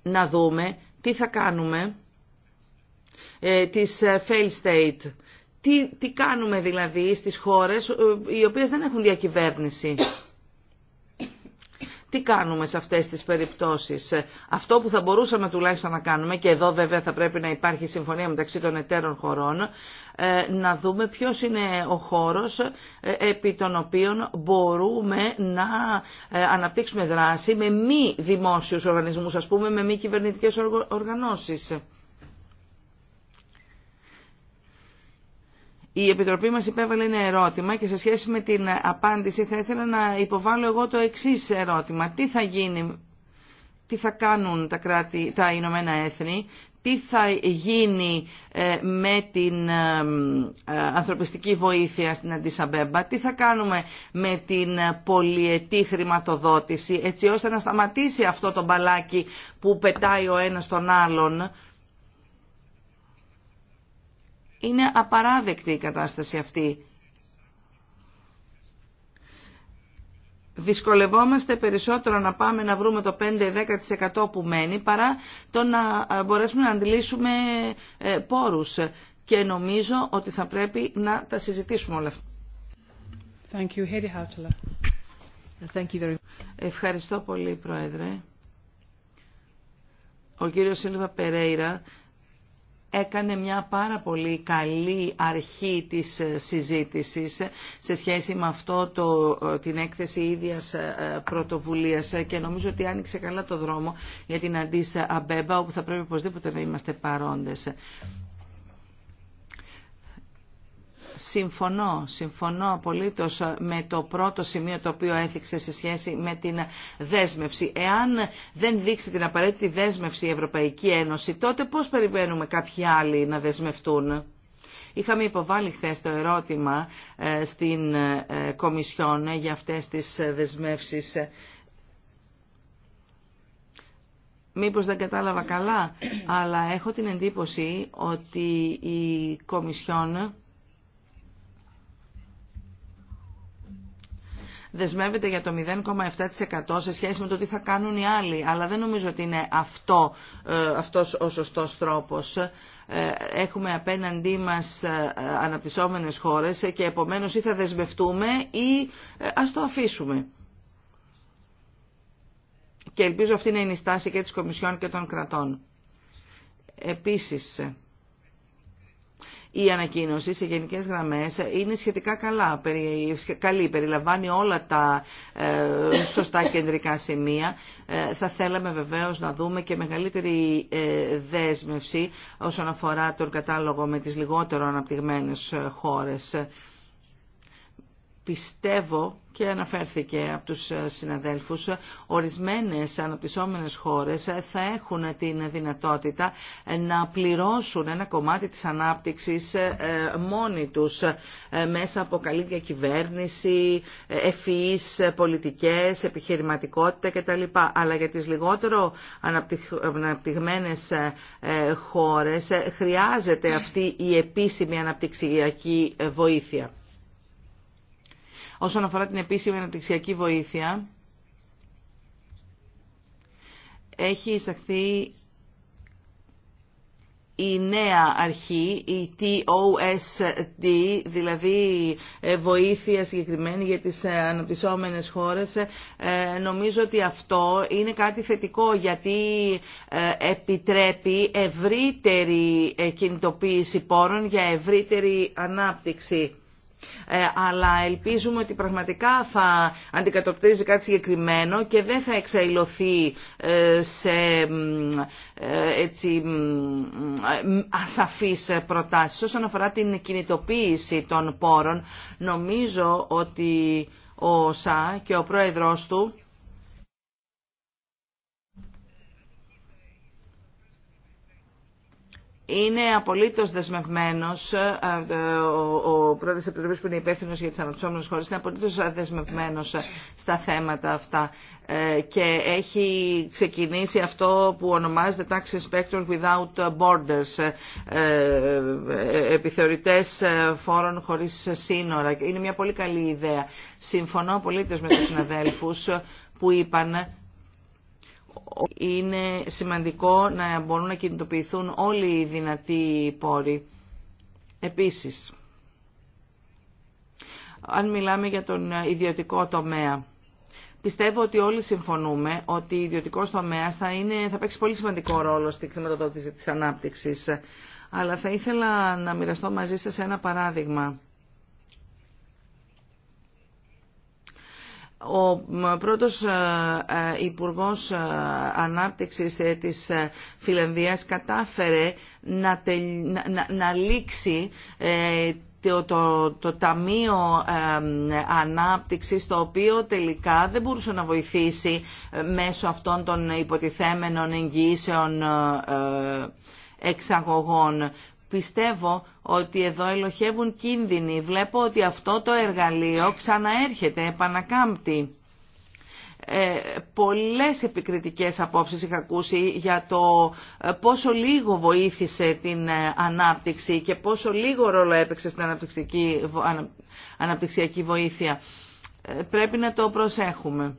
Speaker 2: να δούμε τι θα κάνουμε ε, της fail state. Τι, τι κάνουμε δηλαδή στις χώρες οι οποίες δεν έχουν διακυβέρνηση. Τι κάνουμε σε αυτές τις περιπτώσεις. Αυτό που θα μπορούσαμε τουλάχιστον να κάνουμε, και εδώ βέβαια θα πρέπει να υπάρχει συμφωνία μεταξύ των εταίρων χωρών, ε, να δούμε ποιος είναι ο χώρος ε, επί των οποίων μπορούμε να ε, αναπτύξουμε δράση με μη δημόσιους οργανισμούς, ας πούμε, με μη κυβερνητικές οργανώσεις. Η Επιτροπή μας υπέβαλε ένα ερώτημα και σε σχέση με την απάντηση θα ήθελα να υποβάλω εγώ το εξής ερώτημα. Τι θα γίνει, τι θα κάνουν τα, κράτη, τα Ηνωμένα Έθνη, τι θα γίνει ε, με την ε, ε, ανθρωπιστική βοήθεια στην Αντισαμπέμπα, τι θα κάνουμε με την πολυετή χρηματοδότηση, έτσι ώστε να σταματήσει αυτό το μπαλάκι που πετάει ο ένας τον άλλον είναι απαράδεκτη η κατάσταση αυτή. Δυσκολευόμαστε περισσότερο να πάμε να βρούμε το 5-10% που μένει παρά το να ε, μπορέσουμε να αντιλήσουμε ε, πόρους. Και νομίζω ότι θα πρέπει να τα συζητήσουμε όλα αυτά. Thank you, Ευχαριστώ πολύ, Πρόεδρε. Ο κύριος Σίλβα Περέιρα έκανε μια πάρα πολύ καλή αρχή της ε, συζήτησης σε σχέση με αυτό το, ε, την έκθεση ίδιας ε, πρωτοβουλίας και νομίζω ότι άνοιξε καλά το δρόμο για την Αντίσα Αμπέμπα όπου θα πρέπει οπωσδήποτε να είμαστε παρόντες. Συμφωνώ, συμφωνώ απολύτως με το πρώτο σημείο το οποίο έθιξε σε σχέση με την δέσμευση. Εάν δεν δείξει την απαραίτητη δέσμευση η Ευρωπαϊκή Ένωση, τότε πώς περιμένουμε κάποιοι άλλοι να δεσμευτούν. Είχαμε υποβάλει χθε το ερώτημα ε, στην ε, Κομισιόν ε, για αυτές τις δεσμεύσεις. Μήπως δεν κατάλαβα καλά, αλλά έχω την εντύπωση ότι η Κομισιόν δεσμεύεται για το 0,7% σε σχέση με το τι θα κάνουν οι άλλοι. Αλλά δεν νομίζω ότι είναι αυτό, ε, αυτός ο σωστός τρόπος. Ε, έχουμε απέναντί μας ε, αναπτυσσόμενες χώρες και επομένως ή θα δεσμευτούμε ή ας το αφήσουμε. Και ελπίζω αυτή να είναι η στάση και της Κομισιόν και των κρατών. Επίσης, η ανακοίνωση σε γενικές γραμμές είναι σχετικά καλά, καλή, περιλαμβάνει όλα τα ε, σωστά κεντρικά σημεία. Ε, θα θέλαμε βεβαίως να δούμε και μεγαλύτερη ε, δέσμευση όσον αφορά τον κατάλογο με τις λιγότερο αναπτυγμένες χώρες πιστεύω και αναφέρθηκε από τους ε, συναδέλφους, ορισμένες αναπτυσσόμενες χώρες ε, θα έχουν την δυνατότητα ε, να πληρώσουν ένα κομμάτι της ανάπτυξης μόνοι τους μέσα από καλή διακυβέρνηση, ευφυείς πολιτικές, επιχειρηματικότητα κτλ. Αλλά για τις λιγότερο αναπτυγμένες χώρες χρειάζεται αυτή η επίσημη αναπτυξιακή βοήθεια. Όσον αφορά την επίσημη αναπτυξιακή βοήθεια, έχει εισαχθεί η νέα αρχή, η TOSD, δηλαδή ε, βοήθεια συγκεκριμένη για τις ε, αναπτυσσόμενες χώρες, ε, νομίζω ότι αυτό είναι κάτι θετικό γιατί επιτρέπει ευρύτερη κινητοποίηση πόρων για ευρύτερη ανάπτυξη. Ε, αλλά ελπίζουμε ότι πραγματικά θα αντικατοπτρίζει κάτι συγκεκριμένο και δεν θα εξαϊλωθεί ε, σε ε, έτσι, ασαφείς προτάσεις. Όσον αφορά την κινητοποίηση των πόρων, νομίζω ότι ο ΣΑ και ο πρόεδρος του είναι απολύτως δεσμευμένος, ε, ε, ο πρόεδρος Επιτροπής που είναι υπεύθυνος για τις αναπτυσσόμενες χώρες, είναι απολύτως δεσμευμένος ε, στα θέματα αυτά και έχει ξεκινήσει αυτό που ονομάζεται Tax Inspectors Without Borders, επιθεωρητές φόρων χωρίς σύνορα. Είναι μια πολύ καλή ιδέα. Συμφωνώ απολύτως με τους συναδέλφους που είπαν είναι σημαντικό να μπορούν να κινητοποιηθούν όλοι οι δυνατοί πόροι. Επίσης, αν μιλάμε για τον ιδιωτικό τομέα, πιστεύω ότι όλοι συμφωνούμε ότι ο ιδιωτικός τομέας θα, είναι, θα παίξει πολύ σημαντικό ρόλο στη χρηματοδότηση της ανάπτυξης. Αλλά θα ήθελα να μοιραστώ μαζί σας ένα παράδειγμα Ο πρώτος ε, ε, Υπουργός ε, Ανάπτυξης της Φιλανδίας κατάφερε να, λήξει το, το, Ταμείο Ανάπτυξης το οποίο τελικά δεν μπορούσε να βοηθήσει μέσω αυτών των υποτιθέμενων εγγυήσεων εξαγωγών πιστεύω ότι εδώ ελοχεύουν κίνδυνοι. Βλέπω ότι αυτό το εργαλείο ξαναέρχεται, επανακάμπτει. Ε, πολλές επικριτικές απόψεις είχα ακούσει για το ε, πόσο λίγο βοήθησε την ε, ανάπτυξη και πόσο λίγο ρόλο έπαιξε στην αναπτυξιακή βοήθεια. Ε, πρέπει να το προσέχουμε.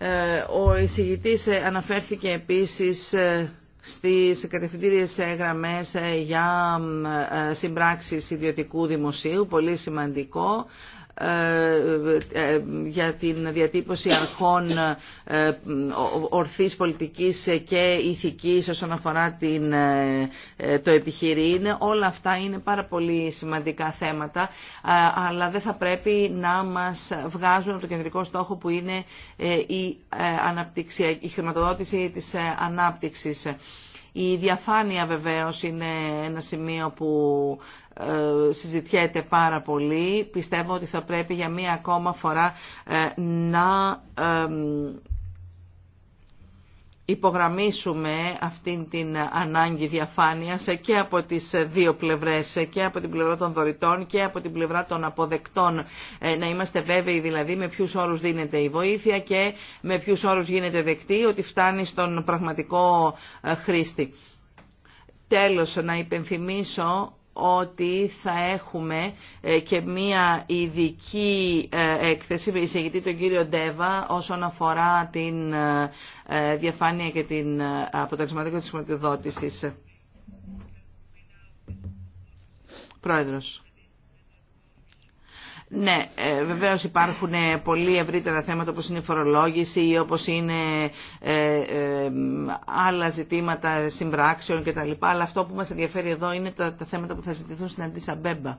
Speaker 2: Ε, ο εισηγητής ε, αναφέρθηκε επίσης ε, στις κατευθυντήριες γραμμές για συμπράξεις ιδιωτικού δημοσίου, πολύ σημαντικό. Ε, ε, για την διατύπωση αρχών ε, ορθής πολιτικής και ηθικής όσον αφορά την, το επιχειρήν. Όλα αυτά είναι πάρα πολύ σημαντικά θέματα, αλλά δεν θα πρέπει να μας βγάζουν από το κεντρικό στόχο που είναι η, η χρηματοδότηση της ανάπτυξης. Η διαφάνεια βεβαίως είναι ένα σημείο που ε, συζητιέται πάρα πολύ. Πιστεύω ότι θα πρέπει για μία ακόμα φορά ε, να υπογραμμίσουμε αυτήν την ανάγκη διαφάνειας και από τις δύο πλευρές, και από την πλευρά των δωρητών και από την πλευρά των αποδεκτών, ε, να είμαστε βέβαιοι δηλαδή με ποιους όρους δίνεται η βοήθεια και με ποιους όρους γίνεται δεκτή ότι φτάνει στον πραγματικό χρήστη. Τέλος, να υπενθυμίσω ότι θα έχουμε ε, και μία ειδική ε, έκθεση με εισηγητή τον κύριο Ντέβα όσον αφορά την ε, διαφάνεια και την αποτελεσματικότητα της χρηματοδότησης. Πρόεδρος. Ναι, ε, βεβαίω υπάρχουν ε, πολύ ευρύτερα θέματα όπως είναι η φορολόγηση ή όπως είναι ε, άλλα ζητήματα συμπράξεων κτλ. Αλλά αυτό που μας ενδιαφέρει εδώ είναι τα, θέματα που θα ζητηθούν στην Αντίσα Μπέμπα.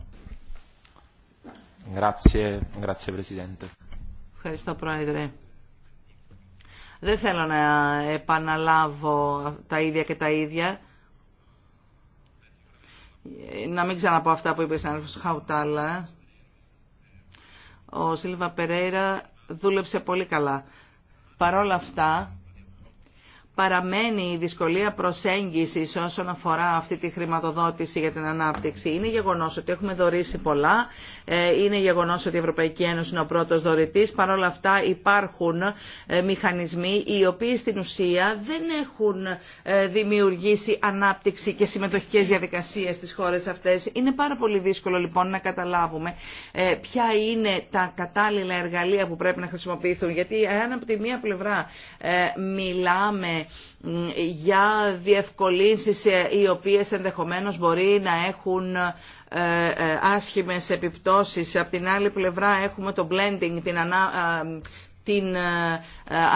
Speaker 2: Ευχαριστώ Πρόεδρε. Δεν θέλω να επαναλάβω τα ίδια και τα ίδια. Να μην ξαναπώ αυτά που είπε η Χαουτάλα ο Σίλβα Περέιρα δούλεψε πολύ καλά. Παρόλα αυτά, παραμένει η δυσκολία προσέγγισης όσον αφορά αυτή τη χρηματοδότηση για την ανάπτυξη. Είναι γεγονός ότι έχουμε δωρήσει πολλά, ε, είναι γεγονός ότι η Ευρωπαϊκή Ένωση είναι ο πρώτος δωρητής, παρόλα αυτά υπάρχουν ε, μηχανισμοί οι οποίοι στην ουσία δεν έχουν ε, δημιουργήσει ανάπτυξη και συμμετοχικές διαδικασίες στις χώρες αυτές. Είναι πάρα πολύ δύσκολο λοιπόν να καταλάβουμε ποια είναι τα κατάλληλα εργαλεία που πρέπει να χρησιμοποιηθούν, γιατί αν από τη μία πλευρά μιλάμε για διευκολύνσεις ε, οι οποίες ενδεχομένως μπορεί να έχουν ε, ε, άσχημες επιπτώσεις. Από την άλλη πλευρά έχουμε το blending, την την ε,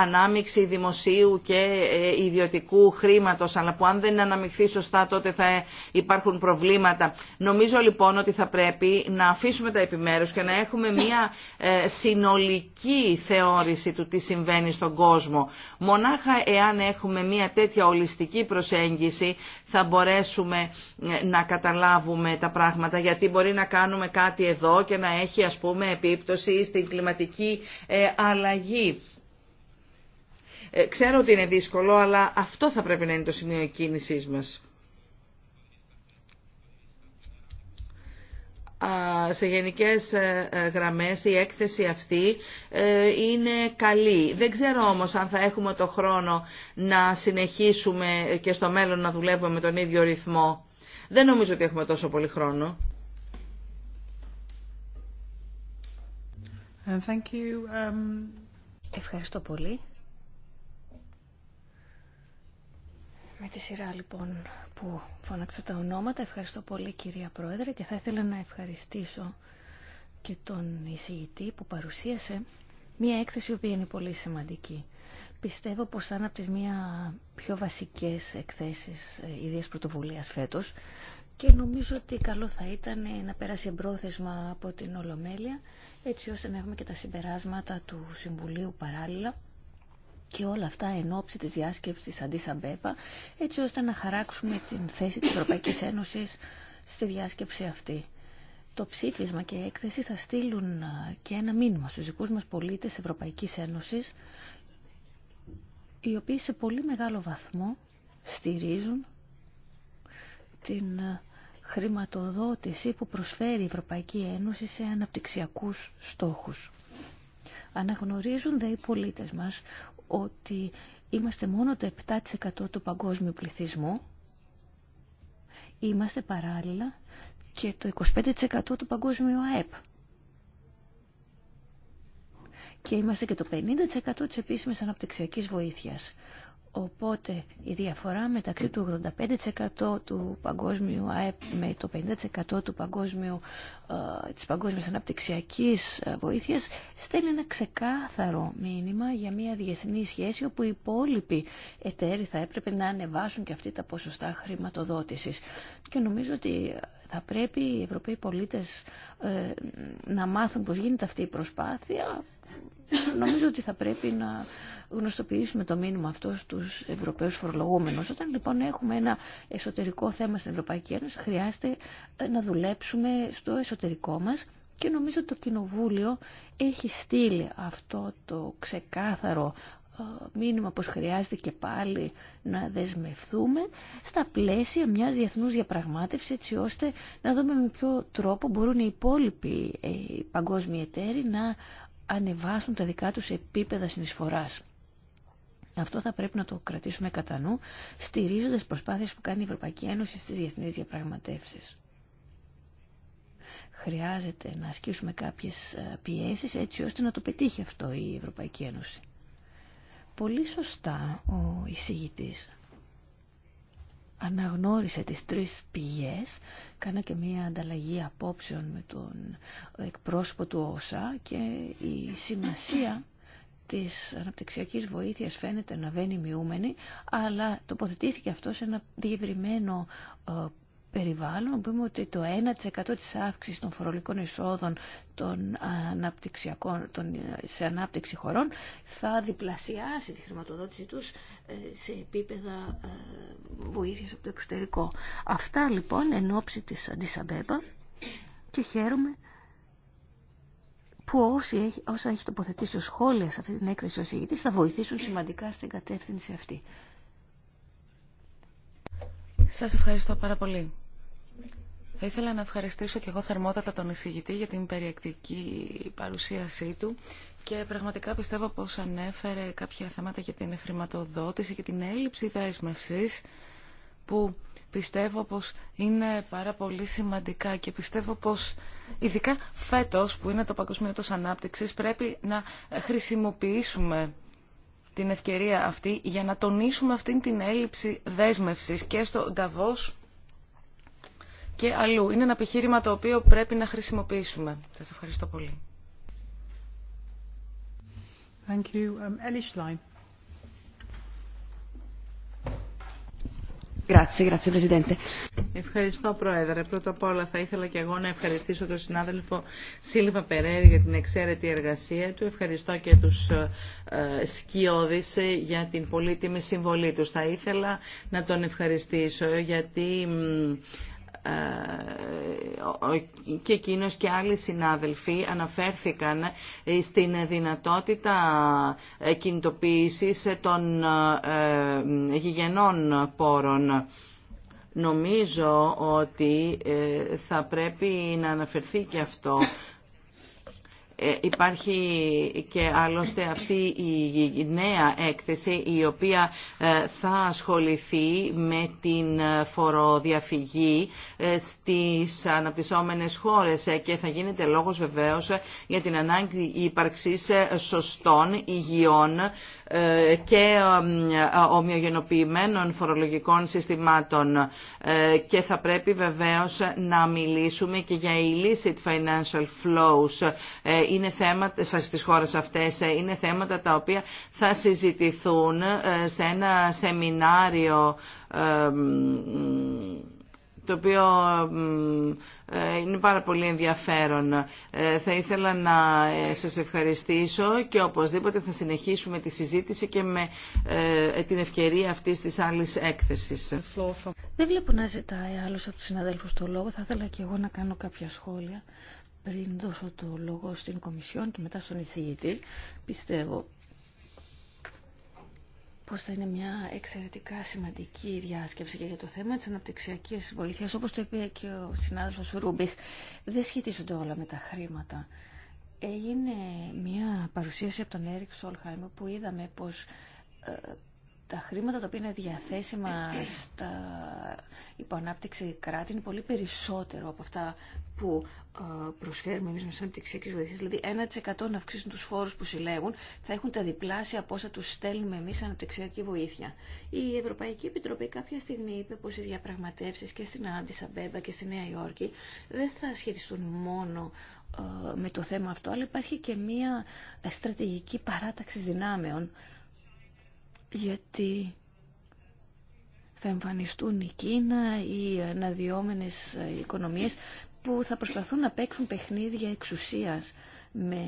Speaker 2: ανάμειξη δημοσίου και ε, ιδιωτικού χρήματος, αλλά που αν δεν αναμειχθεί σωστά τότε θα υπάρχουν προβλήματα. Νομίζω λοιπόν ότι θα πρέπει να αφήσουμε τα επιμέρους και να έχουμε μια ε, συνολική θεώρηση του τι συμβαίνει στον κόσμο. Μονάχα εάν έχουμε μια τέτοια ολιστική προσέγγιση θα μπορέσουμε να καταλάβουμε τα πράγματα γιατί μπορεί να κάνουμε κάτι εδώ και να έχει ας πούμε επίπτωση στην κλιματική αλλαγή αλλαγή. Ε, ξέρω ότι είναι δύσκολο, αλλά αυτό θα πρέπει να είναι το σημείο κίνησής μας. σε γενικές ε, ε, γραμμές η έκθεση αυτή είναι καλή. Δεν ξέρω όμως αν θα έχουμε το χρόνο να συνεχίσουμε και στο μέλλον να δουλεύουμε με τον ίδιο ρυθμό. Δεν νομίζω ότι έχουμε τόσο πολύ χρόνο.
Speaker 3: Uh, thank you. Um... Ευχαριστώ πολύ. Με τη σειρά λοιπόν που φώναξα τα ονόματα, ευχαριστώ πολύ κυρία Πρόεδρε και θα ήθελα να ευχαριστήσω και τον εισηγητή που παρουσίασε μια έκθεση η οποία είναι πολύ σημαντική. Πιστεύω πως θα είναι από τις μια πιο βασικές εκθέσεις ε, ιδίας πρωτοβουλίας φέτος και νομίζω ότι καλό θα ήταν να πέρασει εμπρόθεσμα από την Ολομέλεια έτσι ώστε να έχουμε και τα συμπεράσματα του Συμβουλίου παράλληλα και όλα αυτά εν ώψη της διάσκεψης της Αντίσαμπέπα, έτσι ώστε να χαράξουμε την θέση της Ευρωπαϊκής Ένωσης στη διάσκεψη αυτή. Το ψήφισμα και η έκθεση θα στείλουν και ένα μήνυμα στους δικούς μας πολίτες Ευρωπαϊκής Ένωσης, οι οποίοι σε πολύ μεγάλο βαθμό στηρίζουν την χρηματοδότηση που προσφέρει η Ευρωπαϊκή Ένωση σε αναπτυξιακούς στόχους. Αναγνωρίζουν δε οι πολίτες μας ότι είμαστε μόνο το 7% του παγκόσμιου πληθυσμού, είμαστε παράλληλα και το 25% του παγκόσμιου ΑΕΠ. Και είμαστε και το 50% της επίσημης αναπτυξιακής βοήθειας. Οπότε η διαφορά μεταξύ του 85% του παγκόσμιου ΑΕΠ με το 50% του παγκόσμιου, ε, της παγκόσμιας αναπτυξιακής ε, βοήθειας στέλνει ένα ξεκάθαρο μήνυμα για μια διεθνή σχέση όπου οι υπόλοιποι εταίροι θα έπρεπε να ανεβάσουν και αυτή τα ποσοστά χρηματοδότησης. Και νομίζω ότι θα πρέπει οι Ευρωπαίοι πολίτες ε, να μάθουν πώς γίνεται αυτή η προσπάθεια. Νομίζω ότι θα πρέπει να γνωστοποιήσουμε το μήνυμα αυτό στους Ευρωπαίους φορολογούμενους. Όταν λοιπόν έχουμε ένα εσωτερικό θέμα στην Ευρωπαϊκή Ένωση χρειάζεται ε, να δουλέψουμε στο εσωτερικό μας και νομίζω ότι το Κοινοβούλιο έχει στείλει αυτό το ξεκάθαρο ε, μήνυμα πως χρειάζεται και πάλι να δεσμευθούμε στα πλαίσια μιας διεθνούς διαπραγμάτευσης έτσι ώστε να δούμε με ποιο τρόπο μπορούν οι υπόλοιποι ε, οι παγκόσμιοι εταίροι να ανεβάσουν τα δικά τους επίπεδα συνεισφοράς. Αυτό θα πρέπει να το κρατήσουμε κατά νου, στηρίζοντα προσπάθειες που κάνει η Ευρωπαϊκή Ένωση στι διεθνείς διαπραγματεύσεις. Χρειάζεται να ασκήσουμε κάποιες ε, πιέσεις έτσι ώστε να το πετύχει αυτό η Ευρωπαϊκή Ένωση. Πολύ σωστά ο εισηγητή αναγνώρισε τις τρεις πηγές, κάνα και μία ανταλλαγή απόψεων με τον εκπρόσωπο του ΩΣΑ και η σημασία της αναπτυξιακής βοήθειας φαίνεται να βαίνει μειούμενη, αλλά τοποθετήθηκε αυτό σε ένα διευρυμένο ε, περιβάλλον που πούμε ότι το 1% της αύξησης των φορολογικών εισόδων των αναπτυξιακών, των, ε, σε ανάπτυξη χωρών θα διπλασιάσει τη χρηματοδότηση τους ε, σε επίπεδα βοήθειας από το εξωτερικό. Αυτά λοιπόν εν ώψη της Αντισαμπέμπα και χαίρομαι που όσοι, όσα έχει τοποθετήσει ο σχόλια σε αυτή την έκθεση ο συγητής θα βοηθήσουν σημαντικά στην κατεύθυνση αυτή. Σας ευχαριστώ πάρα
Speaker 1: πολύ. Θα ήθελα να ευχαριστήσω και εγώ θερμότατα τον εισηγητή για την περιεκτική παρουσίασή του και πραγματικά πιστεύω πως ανέφερε κάποια θέματα για την χρηματοδότηση και την έλλειψη δέσμευσης που πιστεύω πως είναι πάρα πολύ σημαντικά και πιστεύω πως ειδικά φέτος που είναι το Παγκοσμίο της Ανάπτυξης πρέπει να χρησιμοποιήσουμε την ευκαιρία αυτή για να τονίσουμε αυτήν την έλλειψη δέσμευσης και στο Νταβός και αλλού. Είναι ένα επιχείρημα το οποίο πρέπει να χρησιμοποιήσουμε. Σας ευχαριστώ πολύ. Thank you. Um,
Speaker 2: Ευχαριστώ Πρόεδρε. Πρώτα απ' όλα θα ήθελα και εγώ να ευχαριστήσω τον συνάδελφο Σίλβα Περέρη για την εξαίρετη εργασία του. Ευχαριστώ και τους ε, σκιώδεις για την πολύτιμη συμβολή τους. Θα ήθελα να τον ευχαριστήσω γιατί ε, και εκείνος και άλλοι συνάδελφοι αναφέρθηκαν ε, στην δυνατότητα ε, κινητοποίησης των γηγενών πόρων. Νομίζω ότι θα πρέπει να αναφερθεί και αυτό ε, υπάρχει και άλλωστε αυτή η νέα έκθεση η οποία ε, θα ασχοληθεί με την φοροδιαφυγή ε, στις αναπτυσσόμενες χώρες και θα γίνεται λόγος βεβαίως για την ανάγκη ύπαρξης σωστών, υγιών και ομοιογενοποιημένων φορολογικών συστημάτων και θα πρέπει βεβαίως να μιλήσουμε και για illicit financial flows είναι θέματα ε, στις χώρες αυτές ε, είναι θέματα τα οποία θα συζητηθούν ε, σε ένα σεμινάριο το οποίο είναι πάρα πολύ ενδιαφέρον. Θα ήθελα να σας ευχαριστήσω και οπωσδήποτε θα συνεχίσουμε τη συζήτηση και με την ευκαιρία αυτή της άλλης έκθεσης.
Speaker 3: Δεν βλέπω να ζητάει άλλος από τους συναδέλφους το λόγο. Θα ήθελα και εγώ να κάνω κάποια σχόλια. Πριν δώσω το λόγο στην Κομισιόν και μετά στον εισηγητή, πιστεύω πως θα είναι μια εξαιρετικά σημαντική διάσκεψη και για το θέμα της αναπτυξιακής βοήθειας, όπως το είπε και ο συνάδελφος Ρούμπιχ, δεν σχετίζονται όλα με τα χρήματα. Έγινε μια παρουσίαση από τον Έρικ Σόλχαϊμ που είδαμε πως ε, τα χρήματα τα οποία είναι διαθέσιμα στα υποανάπτυξη κράτη είναι πολύ περισσότερο από αυτά που ε, προσφέρουμε εμείς με αναπτυξιακές βοήθειες. Δηλαδή 1% να αυξήσουν τους φόρους που συλλέγουν θα έχουν τα διπλάσια από όσα τους στέλνουμε εμείς αναπτυξιακή βοήθεια. Η Ευρωπαϊκή Επιτροπή κάποια στιγμή είπε πως οι διαπραγματεύσεις και στην Άντισα Μπέμπα και στη Νέα Υόρκη δεν θα σχετιστούν μόνο ε, με το θέμα αυτό, αλλά υπάρχει και μία στρατηγική παράταξη δυνάμεων γιατί θα εμφανιστούν η Κίνα ή οι αναδυόμενες ε, οικονομίες που θα προσπαθούν να παίξουν παιχνίδια εξουσίας με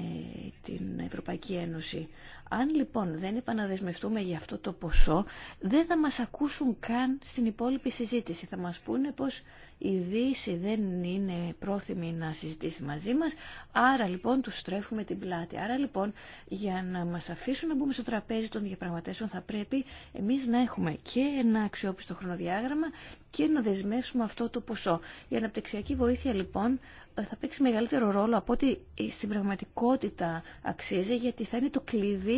Speaker 3: την Ευρωπαϊκή Ένωση. Αν λοιπόν δεν επαναδεσμευτούμε για αυτό το ποσό, δεν θα μας ακούσουν καν στην υπόλοιπη συζήτηση. Θα μας πούνε πως η Δύση δεν είναι πρόθυμη να συζητήσει μαζί μας, άρα λοιπόν τους στρέφουμε την πλάτη. Άρα λοιπόν για να μας αφήσουν να μπούμε στο τραπέζι των διαπραγματεύσεων θα πρέπει εμείς να έχουμε και ένα αξιόπιστο χρονοδιάγραμμα και να δεσμεύσουμε αυτό το ποσό. Η αναπτυξιακή βοήθεια λοιπόν θα παίξει μεγαλύτερο ρόλο από ότι στην πραγματικότητα αξίζει γιατί θα είναι το κλειδί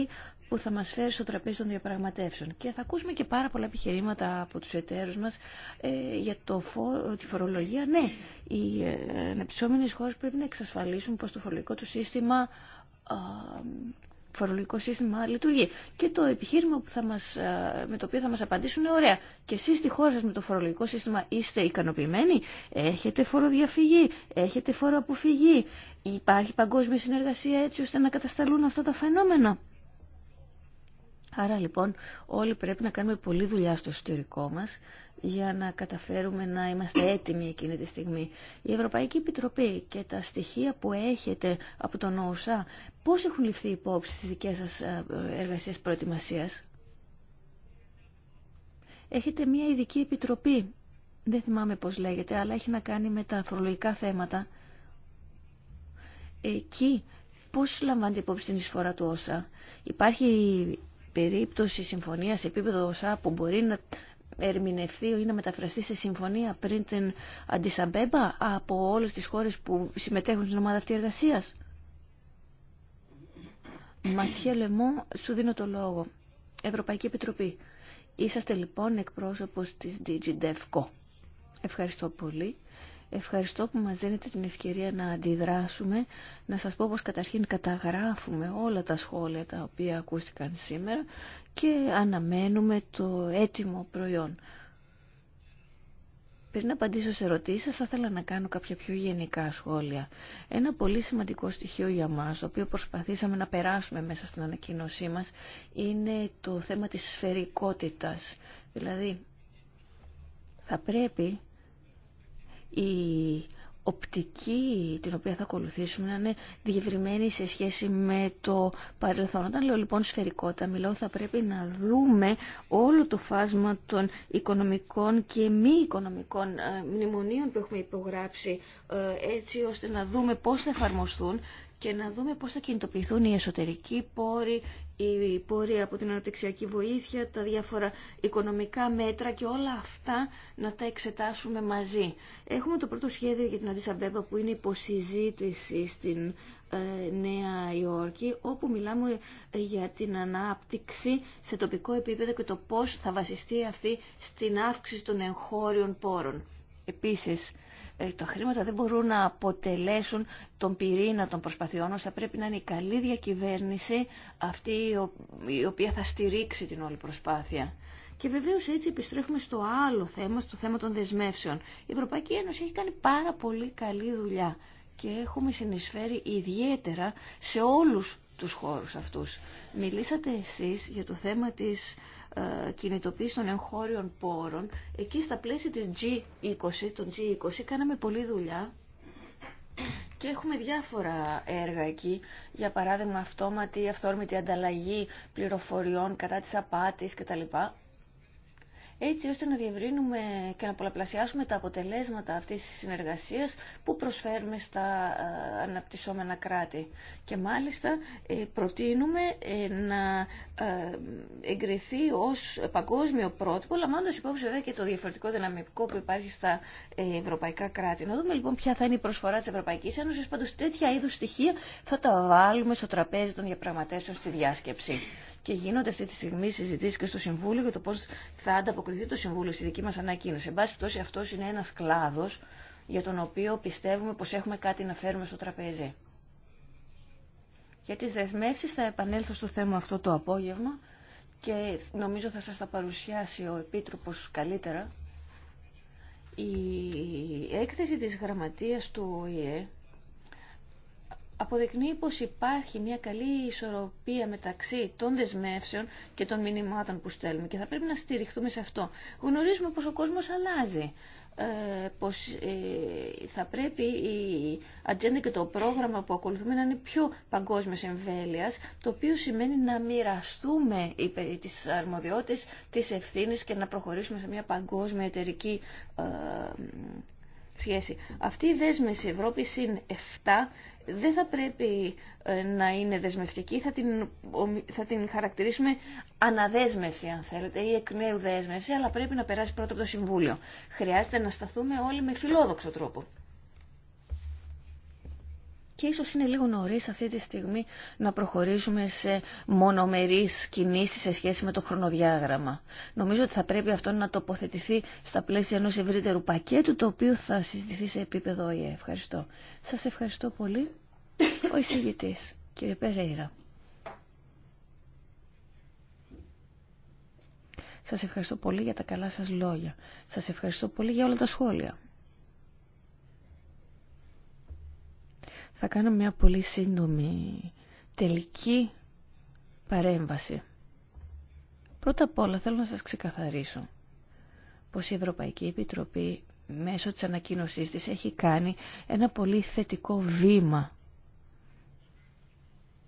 Speaker 3: που θα μας φέρει στο τραπέζι των διαπραγματεύσεων. Και θα ακούσουμε και πάρα πολλά επιχειρήματα από τους εταίρους μας ε, για το τη φορολογία. Ναι, οι ε, αναπτυσσόμενες χώρες πρέπει να εξασφαλίσουν πως το φορολογικό του σύστημα φορολογικό σύστημα λειτουργεί. Και το επιχείρημα που θα μας, ε, με το οποίο θα μας απαντήσουν είναι ωραία. Και εσείς στη χώρα σας με το φορολογικό σύστημα είστε ικανοποιημένοι. Έχετε φοροδιαφυγή, έχετε φοροαποφυγή. Υπάρχει παγκόσμια συνεργασία έτσι ώστε να κατασταλούν αυτά τα φαινόμενα. Άρα λοιπόν όλοι πρέπει να κάνουμε πολλή δουλειά στο εσωτερικό μας για να καταφέρουμε να είμαστε έτοιμοι εκείνη τη στιγμή. Η Ευρωπαϊκή Επιτροπή και τα στοιχεία που έχετε από τον ΟΟΣΑ, πώς έχουν ληφθεί υπόψη στις δικές σας ε, εργασίες προετοιμασίας. Έχετε μια ειδική επιτροπή, δεν θυμάμαι πώς λέγεται, αλλά έχει να κάνει με τα φορολογικά θέματα. Εκεί πώς λαμβάνετε υπόψη την εισφορά του όσα. Υπάρχει περίπτωση συμφωνίας σε επίπεδο ΩΣΑ που μπορεί να ερμηνευθεί ή να μεταφραστεί σε συμφωνία πριν την Αντισαμπέμπα από όλες τις χώρες που συμμετέχουν στην ομάδα αυτή εργασία. Ματιέ Λεμό, σου δίνω το λόγο. Ευρωπαϊκή Επιτροπή. Είσαστε λοιπόν εκπρόσωπος της DigiDevCo. Ευχαριστώ πολύ. Ευχαριστώ που μας δίνετε την ευκαιρία να αντιδράσουμε. Να σας πω πως καταρχήν καταγράφουμε όλα τα σχόλια τα οποία ακούστηκαν σήμερα και αναμένουμε το έτοιμο προϊόν. Πριν απαντήσω σε ερωτήσεις, θα ήθελα να κάνω κάποια πιο γενικά σχόλια. Ένα πολύ σημαντικό στοιχείο για μας, το οποίο προσπαθήσαμε να περάσουμε μέσα στην ανακοίνωσή μας, είναι το θέμα της σφαιρικότητας. Δηλαδή, θα πρέπει η οπτική την οποία θα ακολουθήσουμε να είναι διευρυμένη σε σχέση με το παρελθόν. Όταν λέω λοιπόν σφαιρικότητα, μιλώ θα πρέπει να δούμε όλο το φάσμα των οικονομικών και μη οικονομικών ε, μνημονίων που έχουμε υπογράψει ε, έτσι ώστε να δούμε πώς θα εφαρμοστούν και να δούμε πώς θα κινητοποιηθούν οι εσωτερικοί πόροι, η πορεία από την αναπτυξιακή βοήθεια, τα διάφορα οικονομικά μέτρα και όλα αυτά να τα εξετάσουμε μαζί. Έχουμε το πρώτο σχέδιο για την Αντισαμπέμπα που είναι υποσυζήτηση στην ε, Νέα Υόρκη όπου μιλάμε ε, για την ανάπτυξη σε τοπικό επίπεδο και το πώς θα βασιστεί αυτή στην αύξηση των εγχώριων πόρων. Επίσης, ε, τα χρήματα δεν μπορούν να αποτελέσουν τον πυρήνα των προσπαθειών μας. Θα πρέπει να είναι η καλή διακυβέρνηση αυτή η οποία θα στηρίξει την όλη προσπάθεια. Και βεβαίως έτσι επιστρέφουμε στο άλλο θέμα, στο θέμα των δεσμεύσεων. Η Ευρωπαϊκή Ένωση έχει κάνει πάρα πολύ καλή δουλειά και έχουμε συνεισφέρει ιδιαίτερα σε όλους τους χώρους αυτούς. Μιλήσατε εσείς για το θέμα της ε, κινητοποίησης των εγχώριων πόρων. Εκεί στα πλαίσια της G20, των G20, κάναμε πολλή δουλειά και έχουμε διάφορα έργα εκεί, για παράδειγμα αυτόματη, αυθόρμητη ανταλλαγή πληροφοριών κατά της απάτης κτλ έτσι ώστε να διευρύνουμε και να πολλαπλασιάσουμε τα αποτελέσματα αυτής της συνεργασίας που προσφέρουμε στα ε, αναπτυσσόμενα κράτη. Και μάλιστα ε, προτείνουμε ε, να εγκριθεί ως παγκόσμιο πρότυπο, λαμβάνοντας υπόψη βέβαια και το διαφορετικό δυναμικό που υπάρχει στα ευρωπαϊκά κράτη. Να δούμε λοιπόν ποια θα είναι η προσφορά της Ευρωπαϊκής Ένωσης, πάντως τέτοια είδους στοιχεία θα τα βάλουμε στο τραπέζι των διαπραγματεύσεων στη διάσκεψη και γίνονται αυτή τη στιγμή συζητήσει και στο Συμβούλιο για το πώ θα ανταποκριθεί το Συμβούλιο στη δική μα ανακοίνωση. Εν πάση πτώση, αυτό είναι ένα κλάδο για τον οποίο πιστεύουμε πω έχουμε κάτι να φέρουμε στο τραπέζι. Για τι δεσμεύσει θα επανέλθω στο θέμα αυτό το απόγευμα και νομίζω θα σας τα παρουσιάσει ο Επίτροπος καλύτερα. Η έκθεση της γραμματείας του ΟΗΕ αποδεικνύει πως υπάρχει μια καλή ισορροπία μεταξύ των δεσμεύσεων και των μηνυμάτων που στέλνουμε και θα πρέπει να στηριχτούμε σε αυτό. Γνωρίζουμε πως ο κόσμος αλλάζει, ε, πως ε, θα πρέπει η ατζέντα και το πρόγραμμα που ακολουθούμε να είναι πιο παγκόσμιο εμβέλειας, το οποίο σημαίνει να μοιραστούμε τις αρμοδιότητες, τις ευθύνες και να προχωρήσουμε σε μια παγκόσμια εταιρική ε, σχέση. Αυτή η δέσμευση Ευρώπη συν 7 δεν θα πρέπει ε, να είναι δεσμευτική, θα την, θα την χαρακτηρίσουμε αναδέσμευση αν θέλετε ή εκ νέου δέσμευση, αλλά πρέπει να περάσει πρώτα από το Συμβούλιο. Χρειάζεται να σταθούμε όλοι με φιλόδοξο τρόπο και ίσως είναι λίγο νωρίς αυτή τη στιγμή να προχωρήσουμε σε μονομερείς κινήσεις σε σχέση με το χρονοδιάγραμμα. Νομίζω ότι θα πρέπει αυτό να τοποθετηθεί στα πλαίσια ενός ευρύτερου πακέτου το οποίο θα συζητηθεί σε επίπεδο ΟΗΕ. Ευχαριστώ. Σας ευχαριστώ πολύ. Ο εισηγητής, κύριε Περέιρα. Σας ευχαριστώ πολύ για τα καλά σας λόγια. Σας ευχαριστώ πολύ για όλα τα σχόλια. Θα κάνω μια πολύ σύντομη τελική παρέμβαση. Πρώτα απ' όλα θέλω να σας ξεκαθαρίσω πως η Ευρωπαϊκή Επιτροπή μέσω της ανακοίνωσής της έχει κάνει ένα πολύ θετικό βήμα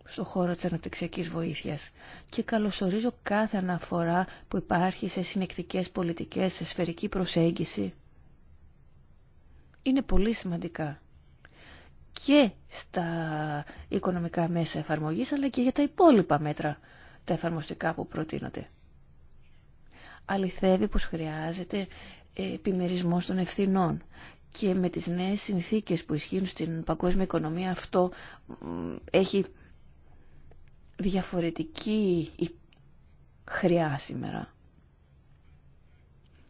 Speaker 3: στον χώρο της αναπτυξιακής βοήθειας και καλωσορίζω κάθε αναφορά που υπάρχει σε συνεκτικές πολιτικές, σε σφαιρική προσέγγιση. Είναι πολύ σημαντικά και στα οικονομικά μέσα εφαρμογής αλλά και για τα υπόλοιπα μέτρα τα εφαρμοστικά που προτείνονται. Αληθεύει πως χρειάζεται ε, επιμερισμός των ευθυνών και με τις νέες συνθήκες που ισχύουν στην παγκόσμια οικονομία αυτό έχει διαφορετική χρειά σήμερα.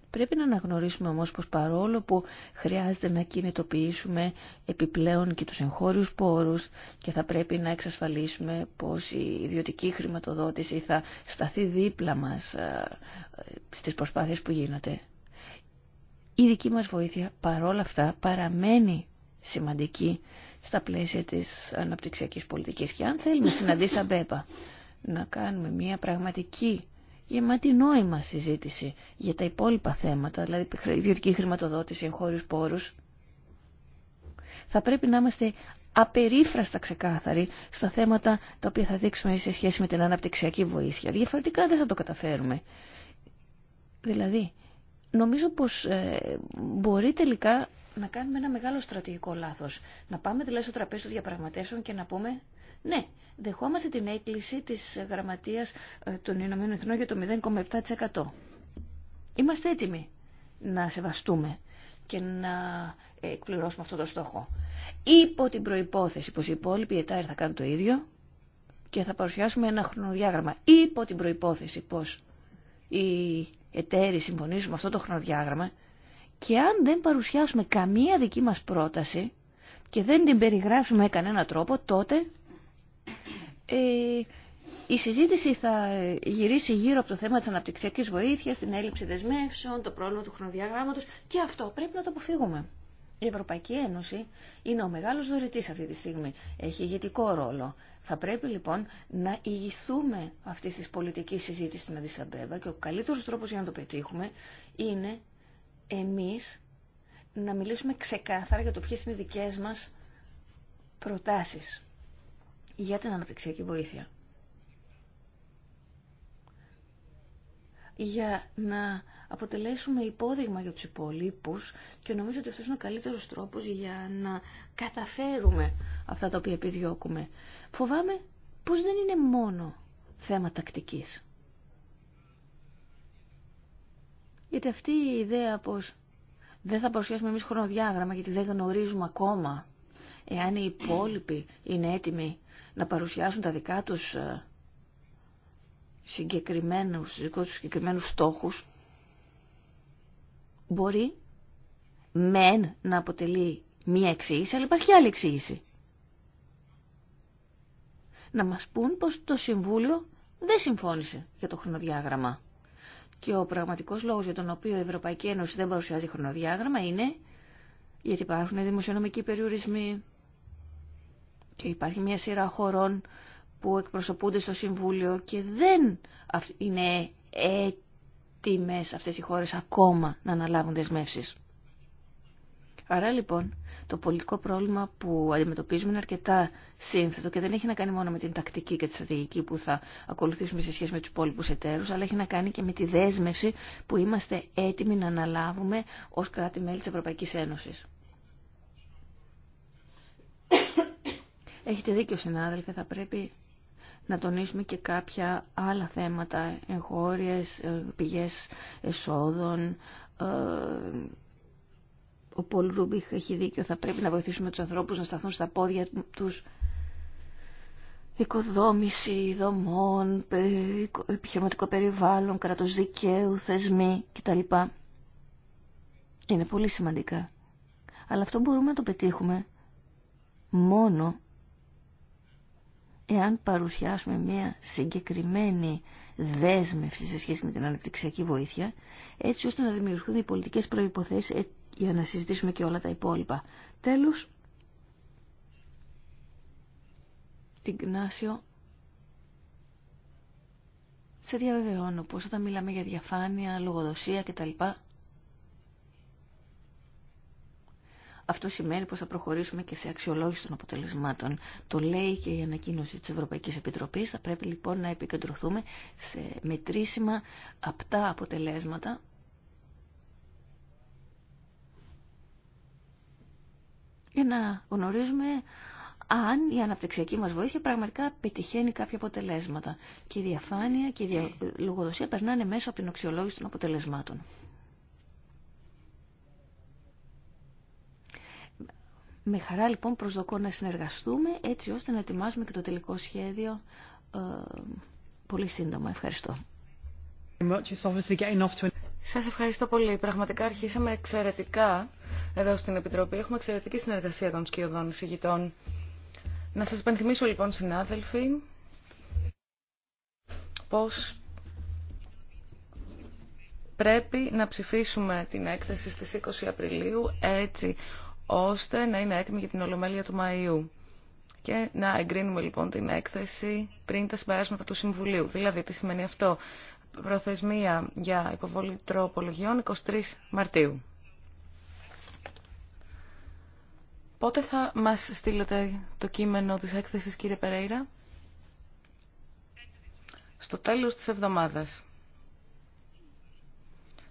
Speaker 3: Πρέπει να αναγνωρίσουμε όμως πως παρόλο που χρειάζεται να κινητοποιήσουμε επιπλέον και τους εγχώριους πόρους και θα πρέπει να εξασφαλίσουμε πως η ιδιωτική χρηματοδότηση θα σταθεί δίπλα μας ε, στις προσπάθειες που γίνονται. Η δική μας βοήθεια παρόλα αυτά παραμένει σημαντική στα πλαίσια της αναπτυξιακής πολιτικής. Και αν θέλουμε στην να κάνουμε μια πραγματική γεμάτη νόημα συζήτηση για τα υπόλοιπα θέματα, δηλαδή ιδιωτική χρηματοδότηση, εγχώριους πόρους. Θα πρέπει να είμαστε απερίφραστα ξεκάθαροι στα θέματα τα οποία θα δείξουμε σε σχέση με την αναπτυξιακή βοήθεια. Διαφορετικά δεν θα το καταφέρουμε. Δηλαδή, νομίζω πως ε, μπορεί τελικά να κάνουμε ένα μεγάλο στρατηγικό λάθος. Να πάμε δηλαδή στο τραπέζι των διαπραγματεύσεων και να πούμε ναι, δεχόμαστε την έκκληση της Γραμματείας ε, των Ηνωμένων Εθνών για το 0,7%. Είμαστε έτοιμοι να σεβαστούμε και να ε, εκπληρώσουμε αυτό το στόχο. Υπό την προϋπόθεση πως οι υπόλοιποι ετάροι θα κάνουν το ίδιο και θα παρουσιάσουμε ένα χρονοδιάγραμμα. Υπό την προϋπόθεση πως οι εταίροι συμφωνήσουν με αυτό το χρονοδιάγραμμα και αν δεν παρουσιάσουμε καμία δική μας πρόταση και δεν την περιγράψουμε με κανένα τρόπο, τότε ε, η συζήτηση θα γυρίσει γύρω από το θέμα της αναπτυξιακής βοήθειας, την έλλειψη δεσμεύσεων, το πρόβλημα του χρονοδιαγράμματος και αυτό πρέπει να το αποφύγουμε. Η Ευρωπαϊκή Ένωση είναι ο μεγάλος δωρητής αυτή τη στιγμή. Έχει ηγετικό ρόλο. Θα πρέπει λοιπόν να ηγηθούμε αυτή τη πολιτική συζήτηση στην Αντισαμπέβα και ο καλύτερος τρόπος για να το πετύχουμε είναι εμείς να μιλήσουμε ξεκάθαρα για το ποιες είναι οι δικέ μας προτάσεις για την αναπτυξιακή βοήθεια. για να αποτελέσουμε υπόδειγμα για τους υπόλοιπους και νομίζω ότι αυτός είναι ο καλύτερος τρόπος για να καταφέρουμε αυτά τα οποία επιδιώκουμε. Φοβάμαι πως δεν είναι μόνο θέμα τακτικής. Γιατί αυτή η ιδέα πως δεν θα παρουσιάσουμε εμείς χρονοδιάγραμμα γιατί δεν γνωρίζουμε ακόμα εάν οι υπόλοιποι είναι έτοιμοι να παρουσιάσουν τα δικά τους ε, συγκεκριμένους, δικούς τους συγκεκριμένους στόχους, μπορεί μεν να αποτελεί μία εξήγηση, αλλά υπάρχει άλλη εξήγηση. Να μας πούν πως το Συμβούλιο δεν συμφώνησε για το χρονοδιάγραμμα. Και ο πραγματικός λόγος για τον οποίο η Ευρωπαϊκή Ένωση δεν παρουσιάζει χρονοδιάγραμμα είναι γιατί υπάρχουν δημοσιονομικοί περιορισμοί, και υπάρχει μια σειρά χωρών που εκπροσωπούνται στο Συμβούλιο και δεν είναι έτοιμες αυτές οι χώρες ακόμα να αναλάβουν δεσμεύσεις. Άρα λοιπόν το πολιτικό πρόβλημα που αντιμετωπίζουμε είναι αρκετά σύνθετο και δεν έχει να κάνει μόνο με την τακτική και τη στρατηγική που θα ακολουθήσουμε σε σχέση με τους υπόλοιπου εταίρους, αλλά έχει να κάνει και με τη δέσμευση που είμαστε έτοιμοι να αναλάβουμε ως κράτη-μέλη της Ευρωπαϊκής Ένωσης. Έχετε δίκιο συνάδελφε, θα πρέπει να τονίσουμε και κάποια άλλα θέματα, εγχώριες, ε, πηγές εσόδων. Ε, ο Πολ Ρούμπιχ έχει δίκιο, θα πρέπει να βοηθήσουμε τους ανθρώπους να σταθούν στα πόδια τους οικοδόμηση δομών, επιχειρηματικό περιβάλλον, κράτος δικαίου, θεσμοί κτλ. Είναι πολύ σημαντικά. Αλλά αυτό μπορούμε να το πετύχουμε μόνο εάν παρουσιάσουμε μια συγκεκριμένη δέσμευση σε σχέση με την αναπτυξιακή βοήθεια, έτσι ώστε να δημιουργούν οι πολιτικές προϋποθέσεις ε, για να συζητήσουμε και όλα τα υπόλοιπα. Τέλος, την Γνάσιο σε διαβεβαιώνω πως όταν μιλάμε για διαφάνεια, λογοδοσία κτλ, Αυτό σημαίνει πως θα προχωρήσουμε και σε αξιολόγηση των αποτελεσμάτων. Το λέει και η ανακοίνωση της Ευρωπαϊκής Επιτροπής. Θα πρέπει λοιπόν να επικεντρωθούμε σε μετρήσιμα απτά αποτελέσματα για να γνωρίζουμε αν η αναπτυξιακή μας βοήθεια πραγματικά πετυχαίνει κάποια αποτελέσματα. Και η διαφάνεια και η λογοδοσία περνάνε μέσα από την αξιολόγηση των αποτελεσμάτων. Με χαρά λοιπόν προσδοκώ να συνεργαστούμε έτσι ώστε να ετοιμάσουμε και το τελικό σχέδιο ε, πολύ σύντομα. Ευχαριστώ.
Speaker 1: Σας ευχαριστώ πολύ. Πραγματικά αρχίσαμε εξαιρετικά εδώ στην Επιτροπή. Έχουμε εξαιρετική συνεργασία των σκιωδών εισηγητών. Να σας πενθυμίσω λοιπόν συνάδελφοι πως πρέπει να ψηφίσουμε την έκθεση στις 20 Απριλίου έτσι ώστε να είναι έτοιμη για την Ολομέλεια του Μαΐου και να εγκρίνουμε λοιπόν την έκθεση πριν τα συμπεράσματα του Συμβουλίου. Δηλαδή, τι σημαίνει αυτό. Προθεσμία για υποβολή τροπολογιών 23 Μαρτίου. Πότε θα μας στείλετε το κείμενο της έκθεσης, κύριε Περέιρα? Στο τέλος της εβδομάδας.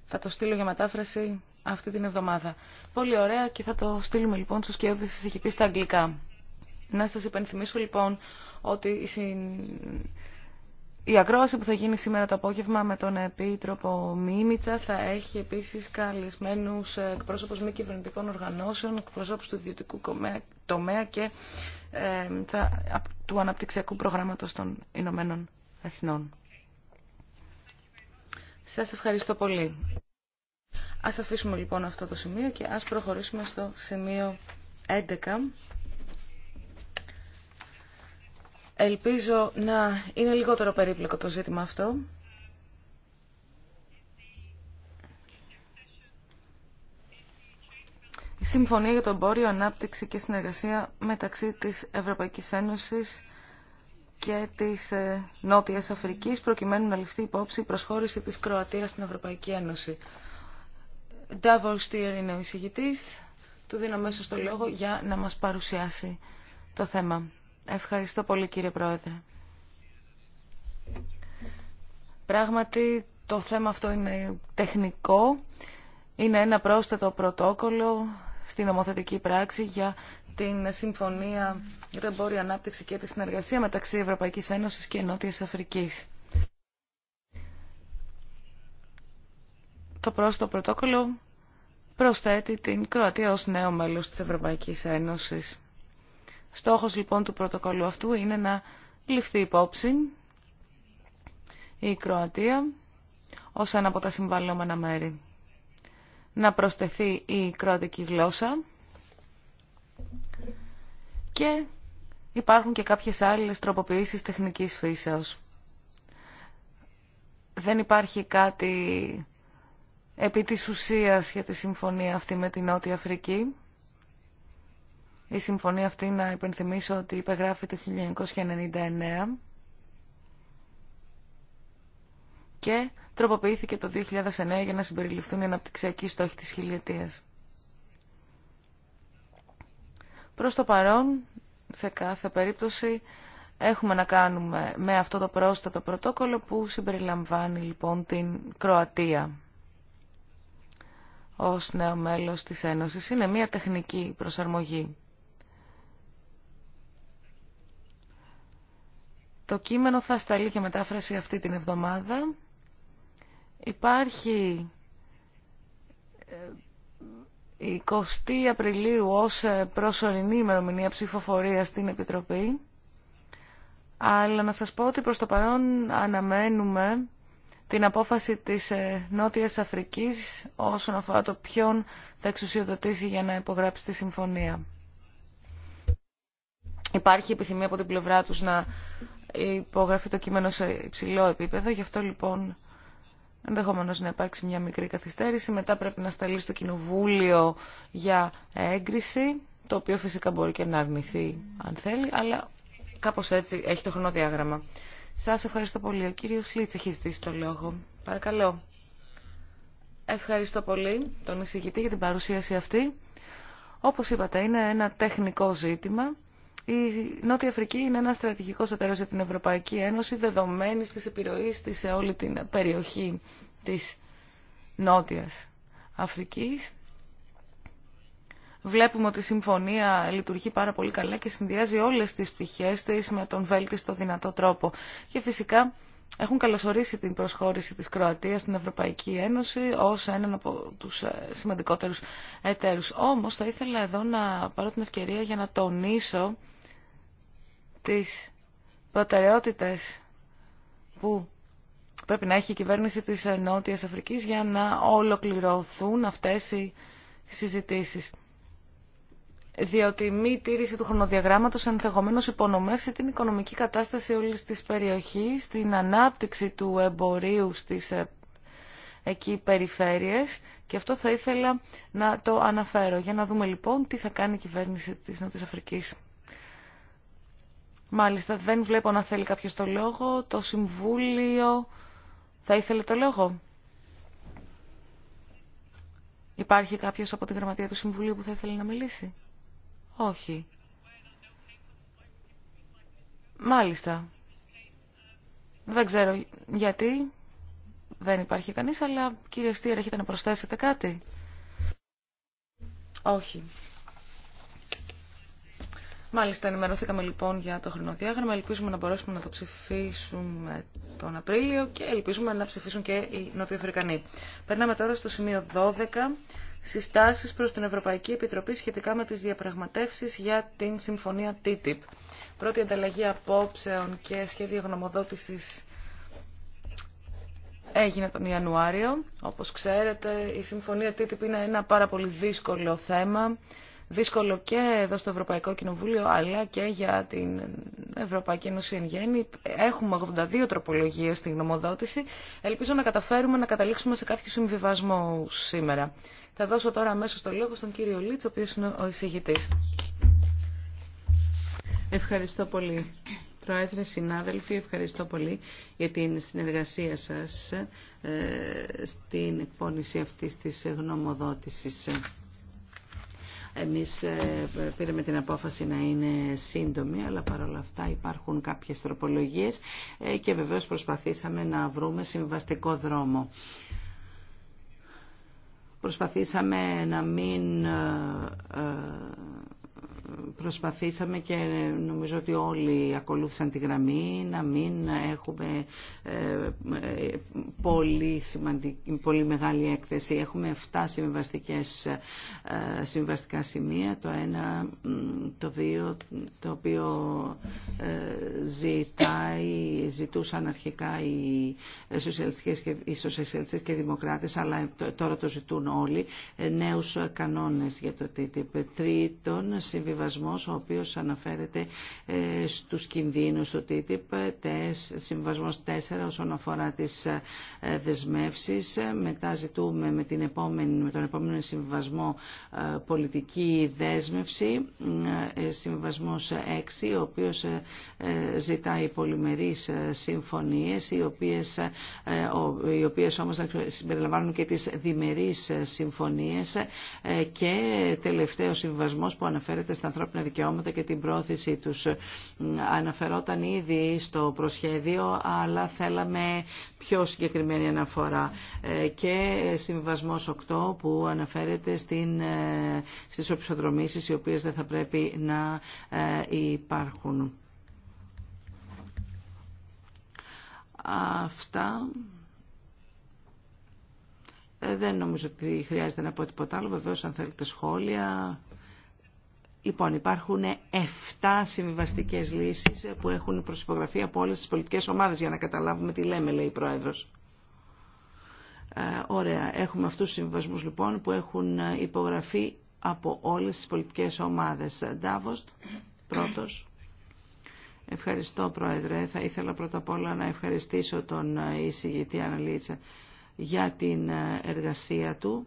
Speaker 1: Θα το στείλω για μετάφραση αυτή την εβδομάδα. Πολύ ωραία και θα το στείλουμε λοιπόν στους της συζητητής στα αγγλικά. Να σας υπενθυμίσω λοιπόν ότι η, η ακρόαση που θα γίνει σήμερα το απόγευμα με τον Επίτροπο Μίμητσα θα έχει επίσης καλεσμένους εκπρόσωπους μη κυβερνητικών οργανώσεων, εκπρόσωπους του ιδιωτικού τομέα και ε, του αναπτυξιακού προγράμματος των Ηνωμένων Εθνών. Σας ευχαριστώ πολύ. Ας αφήσουμε λοιπόν αυτό το σημείο και ας προχωρήσουμε στο σημείο 11. Ελπίζω να είναι λιγότερο περίπλοκο το ζήτημα αυτό. Η Συμφωνία για το Εμπόριο, Ανάπτυξη και Συνεργασία μεταξύ της Ευρωπαϊκής Ένωσης και της ε, Νότιας Αφρικής προκειμένου να ληφθεί υπόψη η προσχώρηση της Κροατίας στην Ευρωπαϊκή Ένωση. Ντάβορ Στύερ είναι ο εισηγητής. Του δίνω μέσο στο λόγο για να μας παρουσιάσει το θέμα. Ευχαριστώ πολύ κύριε Πρόεδρε. Πράγματι το θέμα αυτό είναι τεχνικό. Είναι ένα πρόσθετο πρωτόκολλο στην νομοθετική πράξη για την Συμφωνία Ρεμπόρια Ανάπτυξη και τη Συνεργασία μεταξύ Ευρωπαϊκής Ένωσης και Νότιας Αφρικής. το πρόσθετο πρωτόκολλο προσθέτει την Κροατία ως νέο μέλος της Ευρωπαϊκής Ένωσης. Στόχος λοιπόν του πρωτοκόλλου αυτού είναι να ληφθεί υπόψη η Κροατία ως ένα από τα συμβαλλόμενα μέρη. Να προσθεθεί η κροατική γλώσσα και υπάρχουν και κάποιες άλλες τροποποιήσεις τεχνικής φύσεως. Δεν υπάρχει κάτι επί της ουσίας για τη συμφωνία αυτή με την Νότια Αφρική. Η συμφωνία αυτή, να υπενθυμίσω ότι υπεγράφει το 1999 και τροποποιήθηκε το 2009 για να συμπεριληφθούν οι αναπτυξιακοί στόχοι της χιλιετίας. Προς το παρόν, σε κάθε περίπτωση, έχουμε να κάνουμε με αυτό το πρόσθετο πρωτόκολλο που συμπεριλαμβάνει λοιπόν την Κροατία ως νέο μέλος της Ένωσης. Είναι μια τεχνική προσαρμογή. Το κείμενο θα σταλεί και μετάφραση αυτή την εβδομάδα. Υπάρχει 20 ε, Απριλίου ως ε, προσωρινή ημερομηνία ψηφοφορία στην Επιτροπή. Αλλά να σας πω ότι προς το παρόν αναμένουμε την απόφαση της ε, Νότιας Αφρικής όσον αφορά το ποιον θα εξουσιοδοτήσει για να υπογράψει τη συμφωνία. Υπάρχει επιθυμία από την πλευρά τους να υπογραφεί το κείμενο σε υψηλό επίπεδο, γι' αυτό λοιπόν ενδεχομένω να υπάρξει μια μικρή καθυστέρηση. Μετά πρέπει να σταλεί στο Κοινοβούλιο για έγκριση, το οποίο φυσικά μπορεί και να αρνηθεί αν θέλει, αλλά κάπως έτσι έχει το χρονοδιάγραμμα. Σας ευχαριστώ πολύ. Ο κύριος Λίτς έχει ζητήσει το λόγο. Παρακαλώ. Ευχαριστώ πολύ τον εισηγητή για την παρουσίαση αυτή. Όπως είπατε, είναι ένα τεχνικό ζήτημα. Η Νότια Αφρική είναι ένα στρατηγικό εταίρο για την Ευρωπαϊκή Ένωση, δεδομένη τη επιρροή τη σε όλη την περιοχή τη Νότια Αφρικής. Βλέπουμε ότι η συμφωνία λειτουργεί πάρα πολύ καλά και συνδυάζει όλες τις πτυχές της με τον βέλτιστο δυνατό τρόπο. Και φυσικά έχουν καλωσορίσει την προσχώρηση της Κροατίας στην Ευρωπαϊκή Ένωση ως έναν από τους ε, σημαντικότερους εταίρους. Όμως θα ήθελα εδώ να πάρω την ευκαιρία για να τονίσω τις προτεραιότητες που πρέπει να έχει η κυβέρνηση της Νότιας Αφρικής για να ολοκληρωθούν αυτές οι συζητήσεις διότι μη τήρηση του χρονοδιαγράμματος ενδεχομένω υπονομεύσει την οικονομική κατάσταση όλης της περιοχής, την ανάπτυξη του εμπορίου στις ε, εκεί περιφέρειες και αυτό θα ήθελα να το αναφέρω για να δούμε λοιπόν τι θα κάνει η κυβέρνηση της Νότιας Αφρικής. Μάλιστα δεν βλέπω να θέλει κάποιος το λόγο, το Συμβούλιο θα ήθελε το λόγο. Υπάρχει κάποιος από την Γραμματεία του Συμβουλίου που θα ήθελε να μιλήσει. Όχι. Μάλιστα. Δεν ξέρω γιατί. Δεν υπάρχει κανείς, αλλά κύριε Στήρα, έχετε να προσθέσετε κάτι. Όχι. Μάλιστα, ενημερωθήκαμε λοιπόν για το χρονοδιάγραμμα. Ελπίζουμε να μπορέσουμε να το ψηφίσουμε τον Απρίλιο και ελπίζουμε να ψηφίσουν και οι Νοτιοφρικανοί. Περνάμε τώρα στο σημείο 12 συστάσεις προς την Ευρωπαϊκή Επιτροπή σχετικά με τις διαπραγματεύσεις για την Συμφωνία TTIP. Πρώτη ανταλλαγή απόψεων και σχέδιο γνωμοδότησης έγινε τον Ιανουάριο. Όπως ξέρετε, η Συμφωνία TTIP είναι ένα πάρα πολύ δύσκολο θέμα δύσκολο και εδώ στο Ευρωπαϊκό Κοινοβούλιο αλλά και για την Ευρωπαϊκή Ένωση εν γέννη. Έχουμε 82 τροπολογίες στην γνωμοδότηση. Ελπίζω να καταφέρουμε να καταλήξουμε σε κάποιο συμβιβασμό σήμερα. Θα δώσω τώρα αμέσω το λόγο στον κύριο Λίτς, ο οποίος είναι ο εισηγητή. Ευχαριστώ πολύ.
Speaker 2: Πρόεδρε, συνάδελφοι, ευχαριστώ πολύ για την συνεργασία σας ε, στην εκπόνηση αυτής της γνωμοδότησης. Εμείς ε, πήραμε την απόφαση να είναι σύντομη, αλλά παρόλα αυτά υπάρχουν κάποιες τροπολογίες ε, και βεβαίως προσπαθήσαμε να βρούμε συμβαστικό δρόμο. Προσπαθήσαμε να μην ε, προσπαθήσαμε και νομίζω ότι όλοι ακολούθησαν τη γραμμή να μην έχουμε ε, ε, πολύ, σημαντική, πολύ μεγάλη έκθεση. Έχουμε 7 συμβαστικές, ε, συμβαστικά σημεία, το ένα, το δύο, το οποίο ζητάει, ζητούσαν αρχικά οι σοσιαλιστικές και, οι σοσιαλιστικές και δημοκράτες, αλλά τώρα το ζητούν όλοι, νέους κανόνες για το TTIP. Τρίτον, συμβασμός ο οποίος αναφέρεται ε, στους κινδύνους του TTIP, συμβασμός 4 όσον αφορά τις ε, δεσμεύσεις. Ε, μετά ζητούμε με, την επόμενη, με τον επόμενο συμβιβασμό πολιτική δέσμευση, συμβασμός 6, ο οποίος ζητάει πολυμερείς συμφωνίες, οι οποίες, οι οποίες όμως συμπεριλαμβάνουν και τις διμερείς συμφωνίες και τελευταίο συμβασμός που αναφέρεται στα ανθρώπινα δικαιώματα και την πρόθεσή τους. Αναφερόταν ήδη στο προσχέδιο, αλλά θέλαμε πιο συγκεκριμένη αναφορά. Ε, και συμβασμός 8 που αναφέρεται στην, ε, στις οι οποίες δεν θα πρέπει να ε, υπάρχουν. Αυτά. Δεν νομίζω ότι χρειάζεται να πω τίποτα άλλο. Βεβαίως αν θέλετε σχόλια Λοιπόν, υπάρχουν 7 συμβιβαστικέ λύσει που έχουν προσυπογραφεί από όλε τι πολιτικέ ομάδε για να καταλάβουμε τι λέμε, λέει η Πρόεδρο. Ε, ωραία, έχουμε αυτού του συμβιβασμού λοιπόν που έχουν υπογραφεί από όλε τι πολιτικέ ομάδε. Ντάβοστ, πρώτο. Ευχαριστώ, Πρόεδρε. Θα ήθελα πρώτα απ' όλα να ευχαριστήσω τον εισηγητή Αναλίτσα για την εργασία του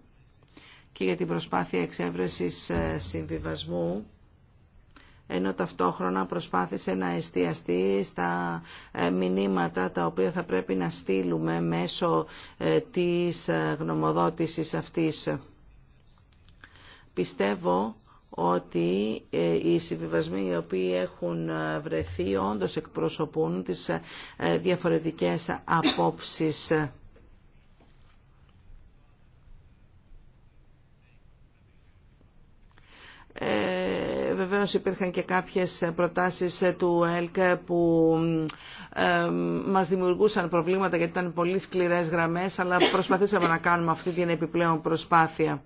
Speaker 2: και για την προσπάθεια εξέβρεσης ε, συμβιβασμού ενώ ταυτόχρονα προσπάθησε να εστιαστεί στα ε, μηνύματα τα οποία θα πρέπει να στείλουμε μέσω ε, της γνωμοδότησης αυτής. Πιστεύω ότι οι συμβιβασμοί οι οποίοι έχουν βρεθεί όντως εκπροσωπούν τις διαφορετικές απόψεις Ε, βεβαίως υπήρχαν και κάποιες προτάσεις του ΕΛΚ που ε, μας δημιουργούσαν προβλήματα γιατί ήταν πολύ σκληρές γραμμές αλλά προσπαθήσαμε να κάνουμε αυτή την επιπλέον προσπάθεια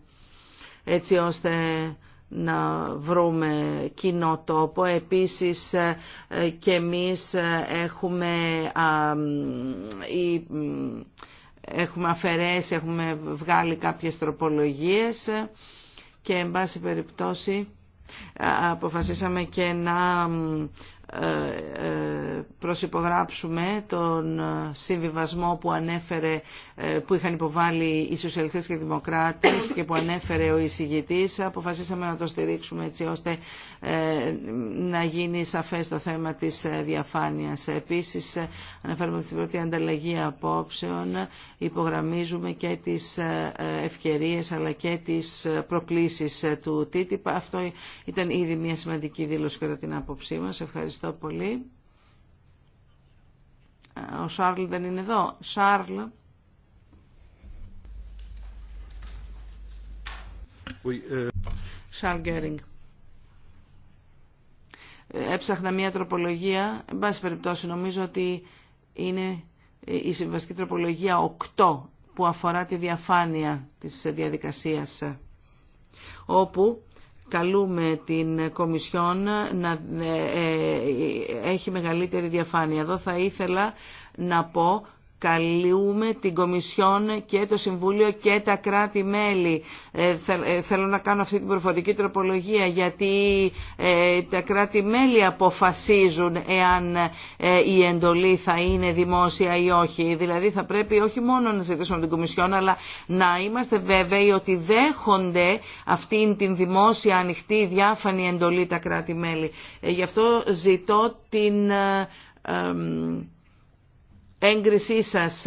Speaker 2: έτσι ώστε να βρούμε κοινό τόπο. Επίσης ε, και εμείς έχουμε, έχουμε αφαιρέσει, έχουμε βγάλει κάποιες τροπολογίες και εν πάση περιπτώσει αποφασίσαμε και να ε, ε, προσυπογράψουμε τον ε, συμβιβασμό που ανέφερε που είχαν υποβάλει οι σοσιαλιστές και οι δημοκράτες και που ανέφερε ο εισηγητής αποφασίσαμε να το στηρίξουμε έτσι ώστε να γίνει σαφές το θέμα της διαφάνειας επίσης αναφέρουμε στην πρώτη ανταλλαγή απόψεων υπογραμμίζουμε και τις ευκαιρίες αλλά και τις προκλήσεις του TTIP αυτό ήταν ήδη μια σημαντική δήλωση κατά την άποψή μας ευχαριστώ Ευχαριστώ πολύ. Ε, ο Σάρλ δεν είναι εδώ. Σάρλ. Ε, Σάρλ Γκέρινγκ. Ε, έψαχνα μία τροπολογία. Εν πάση περιπτώσει νομίζω ότι είναι η συμβαστική τροπολογία 8 που αφορά τη διαφάνεια της διαδικασίας όπου καλούμε την Κομισιόν να ε, ε, έχει μεγαλύτερη διαφάνεια. Εδώ θα ήθελα να πω καλούμε την Κομισιόν και το Συμβούλιο και τα κράτη-μέλη. Ε, ε, θέλω να κάνω αυτή την προφορική τροπολογία γιατί ε, τα κράτη-μέλη αποφασίζουν εάν η εντολή θα είναι δημόσια ή όχι. Δηλαδή θα πρέπει όχι μόνο να ζητήσουμε την Κομισιόν αλλά να είμαστε βέβαιοι ότι δέχονται αυτήν την δημόσια ανοιχτή διάφανη εντολή τα κράτη-μέλη. Γι' αυτό ζητώ την έγκρισή σας.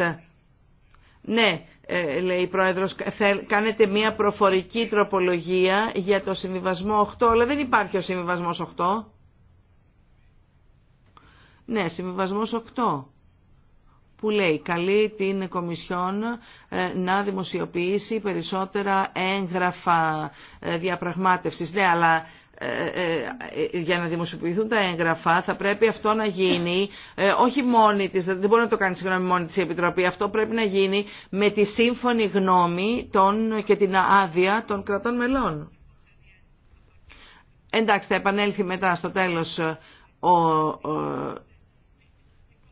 Speaker 2: Ναι, ε, λέει η Πρόεδρος, κάνετε μία προφορική τροπολογία για το συμβιβασμό 8, αλλά δεν υπάρχει ο συμβιβασμός 8. Ναι, συμβιβασμός 8 που λέει καλεί την Κομισιόν ε, να δημοσιοποιήσει περισσότερα έγγραφα ε, διαπραγμάτευσης. Ναι, αλλά ε, ε, για να δημοσιοποιηθούν τα έγγραφα θα πρέπει αυτό να γίνει ε, όχι μόνη της, δεν μπορεί να το κάνει συγγνώμη μόνη της η Επιτροπή, αυτό πρέπει να γίνει με τη σύμφωνη γνώμη των, και την άδεια των κρατών μελών. Εντάξει, θα επανέλθει μετά στο τέλος ο, ο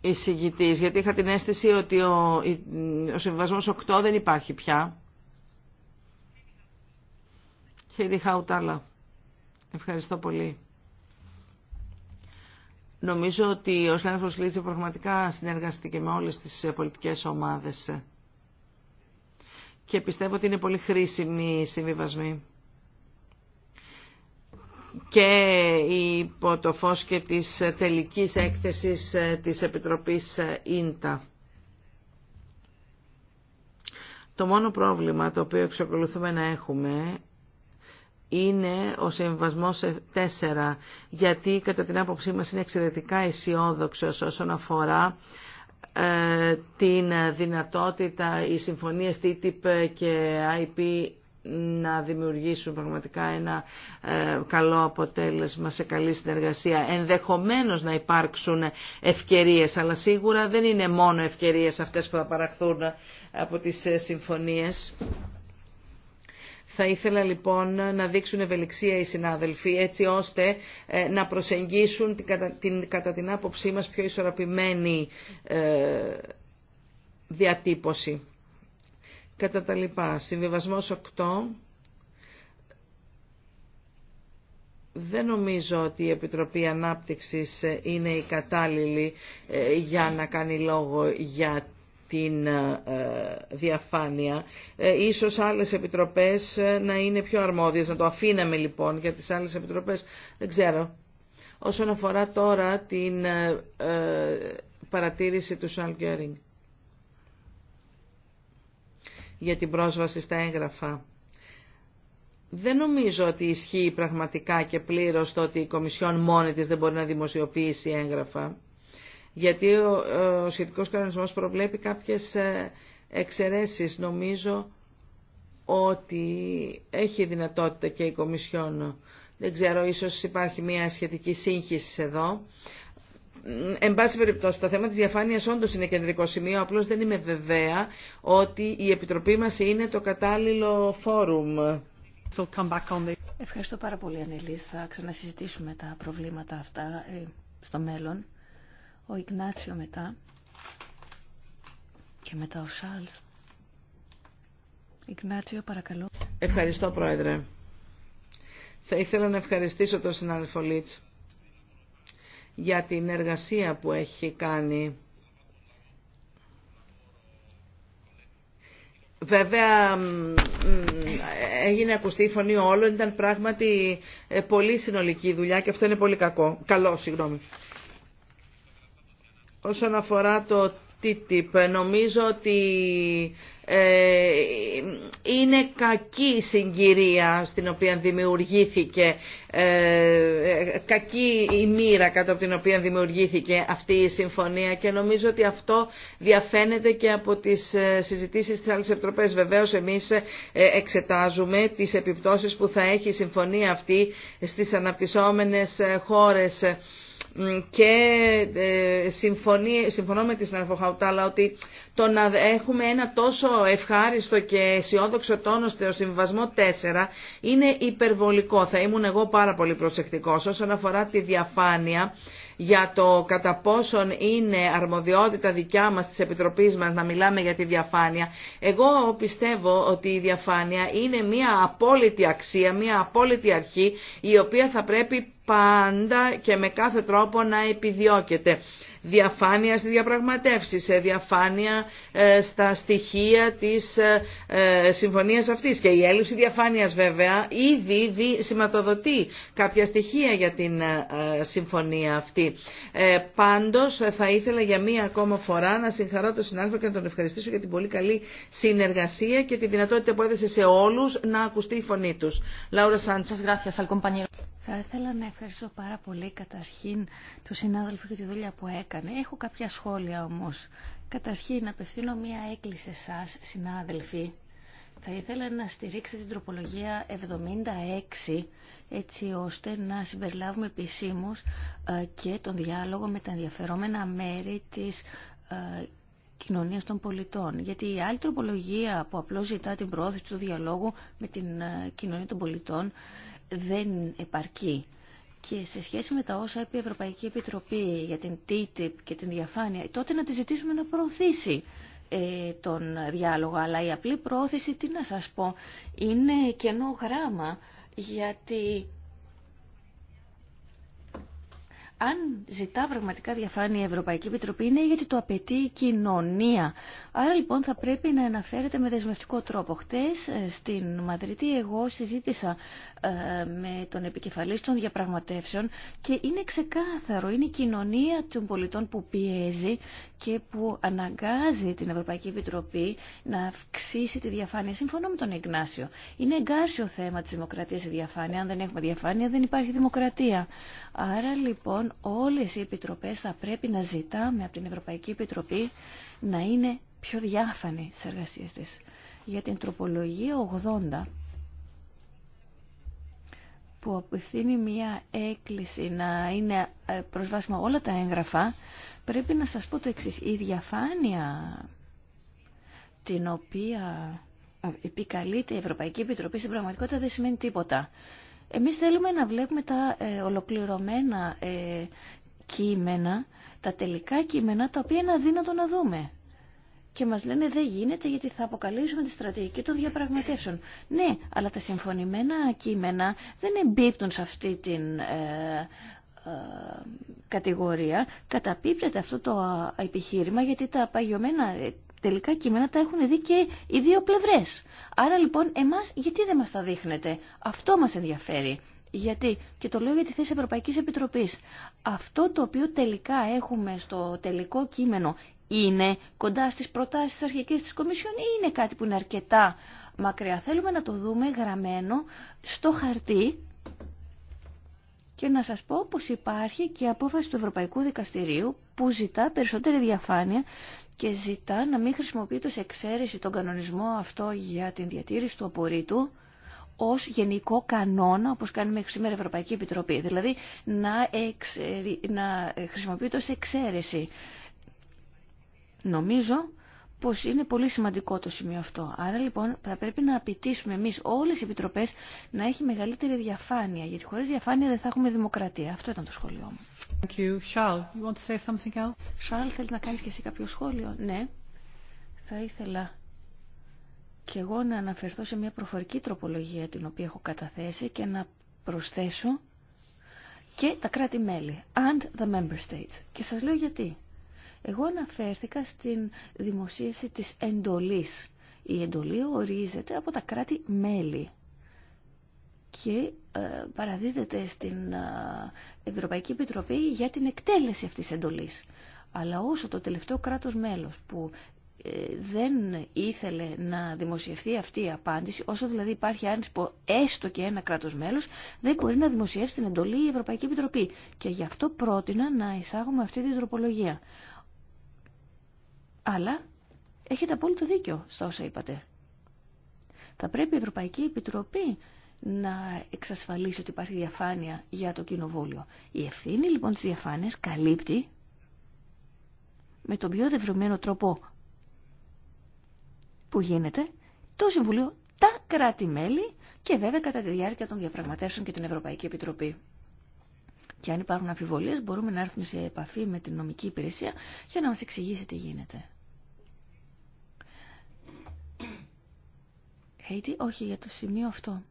Speaker 2: εισηγητής, γιατί είχα την αίσθηση ότι ο, ο συμβασμός 8 δεν υπάρχει πια. άλλα Ευχαριστώ πολύ. Νομίζω ότι ο Σλένφος Λίτζε πραγματικά συνεργαστήκε με όλες τις πολιτικές ομάδες και πιστεύω ότι είναι πολύ χρήσιμη η συμβιβασμοί. Και υπό το φως και της τελικής έκθεσης της Επιτροπής Ίντα. Το μόνο πρόβλημα το οποίο εξακολουθούμε να έχουμε είναι ο συμβασμό 4, γιατί κατά την άποψή μας είναι εξαιρετικά αισιόδοξο όσον αφορά ε, την δυνατότητα οι συμφωνίες TTIP και IP να δημιουργήσουν πραγματικά ένα ε, καλό αποτέλεσμα σε καλή συνεργασία. Ενδεχομένως να υπάρξουν ευκαιρίες, αλλά σίγουρα δεν είναι μόνο ευκαιρίες αυτές που θα παραχθούν από τις ε, συμφωνίες. Θα ήθελα λοιπόν να δείξουν ευελιξία οι συνάδελφοι έτσι ώστε ε, να προσεγγίσουν την κατά την άποψή μας πιο ισορροπημένη ε, διατύπωση. Κατά τα λοιπά, συμβιβασμός 8. Δεν νομίζω ότι η Επιτροπή Ανάπτυξης ε, είναι η κατάλληλη για να κάνει λόγο για την ε, ε, διαφάνεια. Ε, ίσως άλλες επιτροπές να είναι πιο αρμόδιες, να το αφήναμε λοιπόν για τις άλλες επιτροπές. Δεν ξέρω. Όσον αφορά τώρα την παρατήρηση του Σαλ για την πρόσβαση στα έγγραφα. Δεν νομίζω ότι ισχύει πραγματικά και πλήρως το ότι η Κομισιόν μόνη της δεν μπορεί να δημοσιοποιήσει έγγραφα γιατί ο, ε, ο σχετικός κανονισμός προβλέπει κάποιες ε, εξαιρέσεις. Νομίζω ότι έχει δυνατότητα και η Κομισιόν. Δεν ξέρω, ίσως υπάρχει μια σχετική σύγχυση εδώ. Εν πάση περιπτώσει, το θέμα της διαφάνειας όντως είναι κεντρικό σημείο, απλώς δεν είμαι βεβαία ότι η Επιτροπή μας είναι το κατάλληλο φόρουμ. Ευχαριστώ πάρα πολύ,
Speaker 3: Ανελής. Θα ξανασυζητήσουμε τα προβλήματα αυτά ε, στο μέλλον ο Ιγνάτσιο μετά και μετά ο Σάλς. Ιγνάτσιο παρακαλώ. Ευχαριστώ Πρόεδρε. Θα
Speaker 2: ήθελα να ευχαριστήσω τον συνάδελφο Λίτς για την εργασία που έχει κάνει. Βέβαια έγινε ακουστή η φωνή όλων, ήταν πράγματι ε, πολύ συνολική δουλειά και αυτό είναι πολύ κακό. Καλό, συγγνώμη όσον αφορά το TTIP, νομίζω ότι ε, είναι κακή η συγκυρία στην οποία δημιουργήθηκε, ε, κακή η μοίρα κατά από την οποία δημιουργήθηκε αυτή η συμφωνία και νομίζω ότι αυτό διαφαίνεται και από τις ε, συζητήσεις της άλλης Επιτροπές. Βεβαίως εμείς εξετάζουμε τις επιπτώσεις που θα έχει η συμφωνία αυτή στις αναπτυσσόμενες χώρες και ε, συμφωνώ με τη συνάδελφο ότι το να έχουμε ένα τόσο ευχάριστο και αισιόδοξο τόνο στο συμβασμό 4 είναι υπερβολικό. Θα ήμουν εγώ πάρα πολύ προσεκτικός όσον αφορά τη διαφάνεια για το κατά πόσον είναι αρμοδιότητα δικιά μας της Επιτροπής μας να μιλάμε για τη διαφάνεια. Εγώ πιστεύω ότι η διαφάνεια είναι μια απόλυτη αξία, μια απόλυτη αρχή η οποία θα πρέπει πάντα και με κάθε τρόπο να επιδιώκεται διαφάνεια στη διαπραγματεύση, σε διαφάνεια ε, στα στοιχεία της ε, ε, συμφωνίας αυτής. Και η έλλειψη διαφάνειας βέβαια ήδη σηματοδοτεί κάποια στοιχεία για την συμφωνία αυτή. Πάντως θα ήθελα για μία ακόμα φορά να συγχαρώ τον συνάδελφο και να τον ευχαριστήσω για την πολύ καλή συνεργασία και τη δυνατότητα που έδεσε σε όλους να ακουστεί η φωνή τους. Λάουρα Σάντσα,
Speaker 3: θα ήθελα να ευχαριστώ πάρα πολύ καταρχήν του συνάδελφου για τη δουλειά που έκανε. Έχω κάποια σχόλια όμως. Καταρχήν απευθύνω μία έκκληση σας, συνάδελφοι. Θα ήθελα να στηρίξετε την τροπολογία 76 έτσι ώστε να συμπεριλάβουμε επισήμω ε, και τον διάλογο με τα ενδιαφερόμενα μέρη της ε, κοινωνίας των πολιτών. Γιατί η άλλη τροπολογία που απλώς ζητά την πρόθεση του διαλόγου με την ε, κοινωνία των πολιτών δεν επαρκεί. Και σε σχέση με τα όσα είπε η Ευρωπαϊκή Επιτροπή για την TTIP και την διαφάνεια, τότε να τη ζητήσουμε να προωθήσει ε, τον διάλογο. Αλλά η απλή προώθηση, τι να σας πω, είναι κενό γράμμα, γιατί αν ζητά πραγματικά διαφάνεια η Ευρωπαϊκή Επιτροπή είναι γιατί το απαιτεί η κοινωνία. Άρα λοιπόν θα πρέπει να αναφέρεται με δεσμευτικό τρόπο. Χτες ε, στην Μαδρίτη εγώ συζήτησα ε, με τον επικεφαλής των διαπραγματεύσεων και είναι ξεκάθαρο, είναι η κοινωνία των πολιτών που πιέζει και που αναγκάζει την Ευρωπαϊκή Επιτροπή να αυξήσει τη διαφάνεια. Συμφωνώ με τον Ιγνάσιο Είναι εγκάρσιο θέμα της δημοκρατίας η διαφάνεια. Αν δεν έχουμε διαφάνεια δεν υπάρχει δημοκρατία. Άρα λοιπόν όλες οι επιτροπές θα πρέπει να ζητάμε από την Ευρωπαϊκή Επιτροπή να είναι πιο διάφανη στις εργασίες της. Για την τροπολογία 80 που απευθύνει μία έκκληση να είναι ε, προσβάσιμα όλα τα έγγραφα, πρέπει να σας πω το εξής. Η διαφάνεια την οποία επικαλείται η Ευρωπαϊκή Επιτροπή στην πραγματικότητα δεν σημαίνει τίποτα. Εμείς θέλουμε να βλέπουμε τα ε, ολοκληρωμένα ε, κείμενα, τα τελικά κείμενα, τα οποία είναι αδύνατο να δούμε και μας λένε δεν γίνεται γιατί θα αποκαλύψουμε τη στρατηγική των διαπραγματεύσεων. Ναι, αλλά τα συμφωνημένα κείμενα δεν εμπίπτουν σε αυτή την ε, ε κατηγορία. Καταπίπτεται αυτό το επιχείρημα γιατί τα παγιωμένα ε, τελικά κείμενα τα έχουν δει και οι δύο πλευρές. Άρα λοιπόν εμάς γιατί δεν μας τα δείχνετε. Αυτό μας ενδιαφέρει. Γιατί, και το λέω για τη θέση Ευρωπαϊκής Επιτροπής, αυτό το οποίο τελικά έχουμε στο τελικό κείμενο είναι κοντά στις προτάσεις αρχικής της Κομισιόν ή είναι κάτι που είναι αρκετά μακριά. Θέλουμε να το δούμε γραμμένο στο χαρτί και να σας πω πως υπάρχει και απόφαση του Ευρωπαϊκού Δικαστηρίου που ζητά περισσότερη διαφάνεια και ζητά να μην χρησιμοποιείται σε εξαίρεση τον κανονισμό αυτό για την διατήρηση του απορρίτου ως γενικό κανόνα, όπως κάνει μέχρι σήμερα η Ευρωπαϊκή Επιτροπή. Δηλαδή, να, να ε, χρησιμοποιείται ως εξαίρεση. Νομίζω πως είναι πολύ σημαντικό το σημείο αυτό. Άρα λοιπόν θα πρέπει να απαιτήσουμε εμείς όλες οι επιτροπές να έχει μεγαλύτερη διαφάνεια, γιατί χωρίς διαφάνεια δεν θα έχουμε δημοκρατία. Αυτό ήταν το σχόλιο μου. Thank you. Charles, you want to say something else? Charles, θέλεις να κάνεις και εσύ κάποιο σχόλιο. Ναι, θα ήθελα και εγώ να αναφερθώ σε μια προφορική τροπολογία την οποία έχω καταθέσει και να προσθέσω και τα κράτη-μέλη and the member states. Και σας λέω γιατί. Εγώ αναφέρθηκα στην δημοσίευση της εντολής. Η εντολή ορίζεται από τα κράτη-μέλη και ε, παραδίδεται στην ε, Ευρωπαϊκή Επιτροπή για την εκτέλεση αυτής της εντολής. Αλλά όσο το τελευταίο κράτος μέλος που ε, δεν ήθελε να δημοσιευθεί αυτή η απάντηση, όσο δηλαδή υπάρχει άρνηση έστω και ένα κράτος μέλος, δεν μπορεί να δημοσιεύσει την εντολή η Ευρωπαϊκή Επιτροπή. Και γι' αυτό πρότεινα να εισάγουμε αυτή την τροπολογία. Αλλά έχετε απόλυτο δίκιο στα όσα είπατε. Θα πρέπει η Ευρωπαϊκή Επιτροπή να εξασφαλίσει ότι υπάρχει διαφάνεια για το Κοινοβούλιο. Η ευθύνη λοιπόν της διαφάνειας καλύπτει με τον πιο δευρυμένο τρόπο που γίνεται το Συμβουλίο, τα κράτη-μέλη και βέβαια κατά τη διάρκεια των διαπραγματεύσεων και την Ευρωπαϊκή Επιτροπή. Και αν υπάρχουν αμφιβολίες μπορούμε να έρθουμε σε επαφή με την νομική υπηρεσία για να μας εξηγήσει τι γίνεται. Χέιτι, όχι για το σημείο αυτό.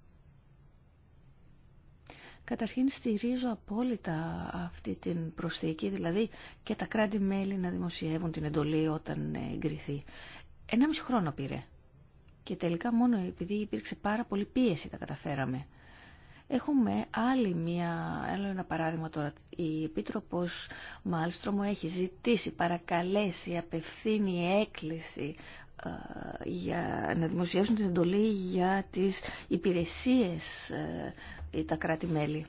Speaker 3: Καταρχήν στηρίζω απόλυτα αυτή την προσθήκη, δηλαδή και τα κράτη-μέλη να δημοσιεύουν την εντολή όταν εγκριθεί. Ένα μισό χρόνο πήρε. Και τελικά μόνο επειδή υπήρξε πάρα πολύ πίεση τα καταφέραμε. Έχουμε άλλη μία, άλλο ένα παράδειγμα τώρα. Η Επίτροπος Μάλστρομο έχει ζητήσει, παρακαλέσει, απευθύνει έκκληση ε, για να δημοσιεύσουν την εντολή για τις υπηρεσίες ε, τα κράτη-μέλη.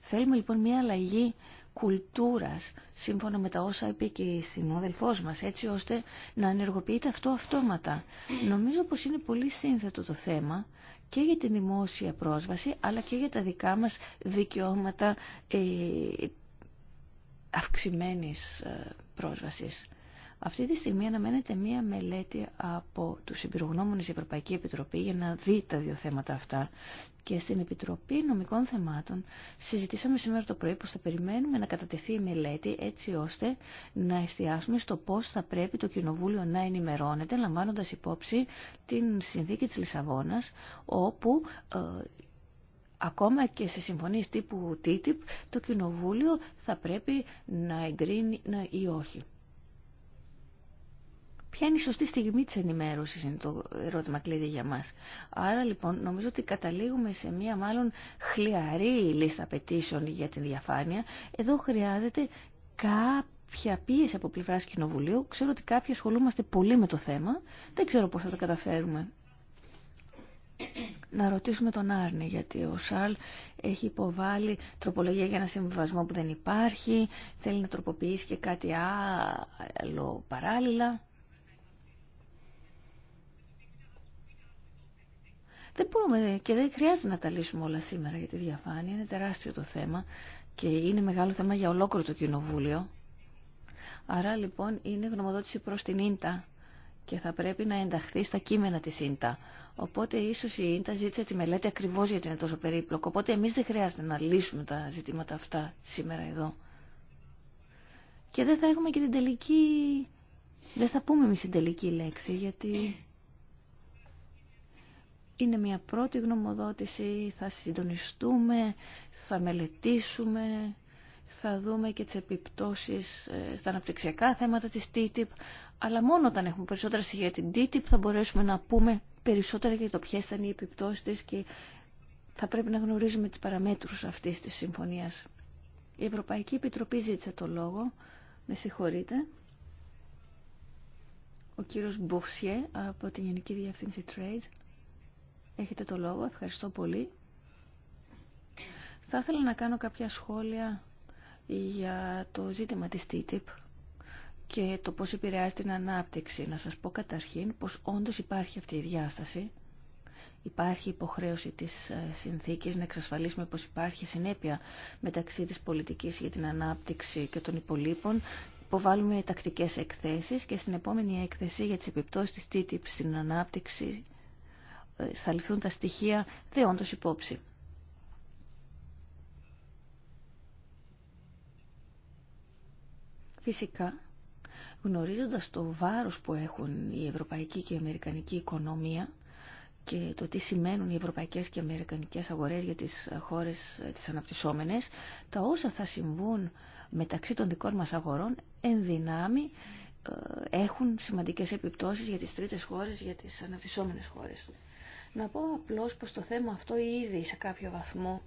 Speaker 3: Θέλουμε λοιπόν μια αλλαγή κουλτούρας, σύμφωνα με τα όσα είπε και η συνοδελφός μας, έτσι ώστε να ενεργοποιείται αυτό αυτόματα. Νομίζω πως είναι πολύ σύνθετο το θέμα και για τη δημόσια πρόσβαση αλλά και για τα δικά μας δικαιώματα ε, αυξημένης ε, πρόσβασης. Αυτή τη στιγμή αναμένεται μία μελέτη από τους εμπειρογνώμονες τη Ευρωπαϊκή Επιτροπή για να δει τα δύο θέματα αυτά. Και στην Επιτροπή Νομικών Θεμάτων συζητήσαμε σήμερα το πρωί πως θα περιμένουμε να κατατεθεί η μελέτη έτσι ώστε να εστιάσουμε στο πώς θα πρέπει το Κοινοβούλιο να ενημερώνεται λαμβάνοντας υπόψη την συνθήκη της Λισαβόνας όπου ε, ακόμα και σε συμφωνίες τύπου TTIP το Κοινοβούλιο θα πρέπει να εγκρίνει ή όχι. Ποια είναι η σωστή στιγμή της ενημέρωσης είναι το ερώτημα κλείδι για μας. Άρα λοιπόν νομίζω ότι καταλήγουμε σε μία μάλλον χλιαρή λίστα απαιτήσεων για την διαφάνεια. Εδώ χρειάζεται κάποια πίεση από πλευράς κοινοβουλίου. Ξέρω ότι κάποιοι ασχολούμαστε πολύ με το θέμα. Δεν ξέρω πώς θα το καταφέρουμε. Να ρωτήσουμε τον Άρνη, γιατί ο Σαλ έχει υποβάλει τροπολογία για ένα συμβιβασμό που δεν υπάρχει, θέλει να τροποποιήσει και κάτι άλλο παράλληλα. Δεν μπορούμε και δεν χρειάζεται να τα λύσουμε όλα σήμερα για τη διαφάνεια. Είναι τεράστιο το θέμα και είναι μεγάλο θέμα για ολόκληρο το Κοινοβούλιο. Άρα λοιπόν είναι γνωμοδότηση προς την ίντα και θα πρέπει να ενταχθεί στα κείμενα της ίντα. Οπότε ίσως η ίντα ζήτησε τη μελέτη ακριβώς γιατί είναι τόσο περίπλοκο. Οπότε εμείς δεν χρειάζεται να λύσουμε τα ζητήματα αυτά σήμερα εδώ. Και δεν θα έχουμε και την τελική... Δεν θα πούμε εμείς την τελική λέξη γιατί είναι μια πρώτη γνωμοδότηση, θα συντονιστούμε, θα μελετήσουμε, θα δούμε και τις επιπτώσεις ε, στα αναπτυξιακά θέματα της TTIP, αλλά μόνο όταν έχουμε περισσότερα στοιχεία για την TTIP θα μπορέσουμε να πούμε περισσότερα για το ποιες θα είναι οι επιπτώσεις της και θα πρέπει να γνωρίζουμε τις παραμέτρους αυτής της συμφωνίας. Η Ευρωπαϊκή Επιτροπή ζήτησε το λόγο, με συγχωρείτε, ο κύριος Μπουρσιέ από την Γενική Διεύθυνση Trade. Έχετε το λόγο. Ευχαριστώ πολύ. Θα ήθελα να κάνω κάποια σχόλια για το ζήτημα της TTIP και το πώς επηρεάζει την ανάπτυξη. Να σας πω καταρχήν πως όντως υπάρχει αυτή η διάσταση. Υπάρχει υποχρέωση της ε, συνθήκης να εξασφαλίσουμε πως υπάρχει συνέπεια μεταξύ της πολιτικής για την ανάπτυξη και των υπολείπων. Υποβάλλουμε τακτικές εκθέσεις και στην επόμενη έκθεση για τις επιπτώσεις της TTIP στην ανάπτυξη θα ληφθούν τα στοιχεία δεόντως υπόψη. Φυσικά, γνωρίζοντας το βάρος που έχουν η ευρωπαϊκή και η αμερικανική οικονομία και το τι σημαίνουν οι ευρωπαϊκές και οι αμερικανικές αγορές για τις χώρες τις αναπτυσσόμενες, τα όσα θα συμβούν μεταξύ των δικών μας αγορών εν δυνάμει ε, έχουν σημαντικές επιπτώσεις για τις τρίτες χώρες, για τις αναπτυσσόμενες χώρες. Να πω απλώς πως το θέμα αυτό ήδη σε κάποιο βαθμό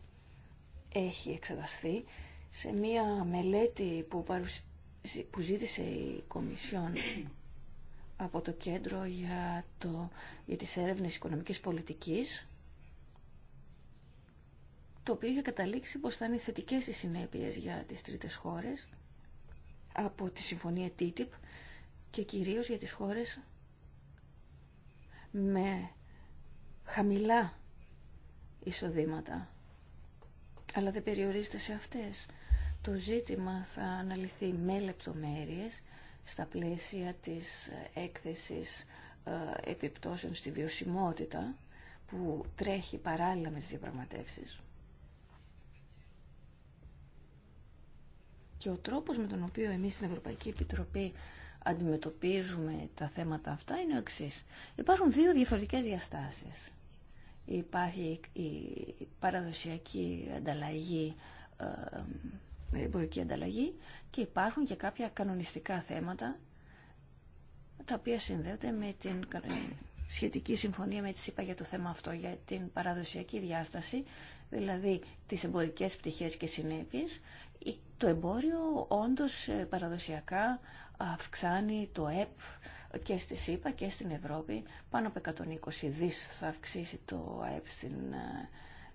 Speaker 3: έχει εξεταστεί σε μία μελέτη που, που ζήτησε η Κομισιόν από το Κέντρο για, το... για τις Έρευνες Οικονομικής Πολιτικής το οποίο είχε καταλήξει πως θα είναι θετικές οι συνέπειες για τις τρίτες χώρες από τη Συμφωνία TTIP και κυρίως για τις χώρες με χαμηλά εισοδήματα. Αλλά δεν περιορίζεται σε αυτές. Το ζήτημα θα αναλυθεί με λεπτομέρειες στα πλαίσια της έκθεσης ε, επιπτώσεων στη βιωσιμότητα που τρέχει παράλληλα με τις διαπραγματεύσεις. Και ο τρόπος με τον οποίο εμείς στην Ευρωπαϊκή Επιτροπή αντιμετωπίζουμε τα θέματα αυτά είναι ο εξής. Υπάρχουν δύο διαφορετικές διαστάσεις υπάρχει η παραδοσιακή ανταλλαγή, ε, εμπορική ανταλλαγή και υπάρχουν και κάποια κανονιστικά θέματα τα οποία συνδέονται με την ε, σχετική συμφωνία με τις είπα για το θέμα αυτό, για την παραδοσιακή διάσταση, δηλαδή τις εμπορικές πτυχές και συνέπειες. Το εμπόριο όντως ε, παραδοσιακά αυξάνει το ΕΠ και στη ΣΥΠΑ και στην Ευρώπη. Πάνω από 120 δις θα αυξήσει το ΕΠ στην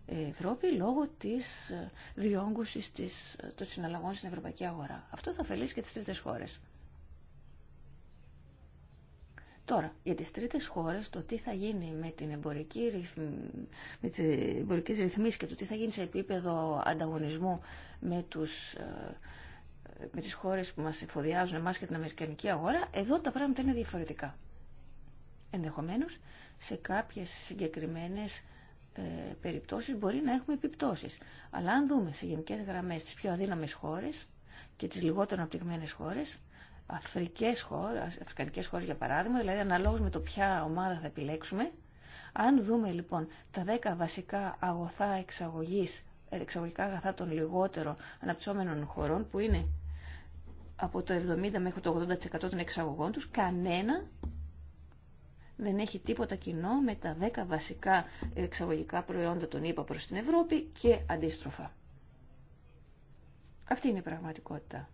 Speaker 3: ε, Ευρώπη λόγω της ε, διόγκωσης της, ε, των συναλλαγών στην ευρωπαϊκή αγορά. Αυτό θα ωφελήσει και τις τρίτες χώρες. Τώρα, για τις τρίτες χώρες, το τι θα γίνει με, την εμπορική, με τις εμπορικές ρυθμίσεις και το τι θα γίνει σε επίπεδο ανταγωνισμού με τους με τις χώρες που μας εφοδιάζουν εμάς και την Αμερικανική αγορά, εδώ τα πράγματα είναι διαφορετικά. Ενδεχομένως, σε κάποιες συγκεκριμένες ε, περιπτώσεις μπορεί να έχουμε επιπτώσεις. Αλλά αν δούμε σε γενικές γραμμές τις πιο αδύναμες χώρες και τις λιγότερο αναπτυγμένες χώρες, αφρικές χώρες, αφρικανικές χώρες για παράδειγμα, δηλαδή αναλόγως με το ποια ομάδα θα επιλέξουμε, αν δούμε λοιπόν τα 10 βασικά αγωθά εξαγωγής ε, εξαγωγικά αγαθά των λιγότερων αναπτυσσόμενων χωρών που είναι από το 70 μέχρι το 80% των εξαγωγών τους, κανένα δεν έχει τίποτα κοινό με τα 10 βασικά εξαγωγικά προϊόντα των ΗΠΑ προς την Ευρώπη και αντίστροφα. Αυτή είναι η πραγματικότητα.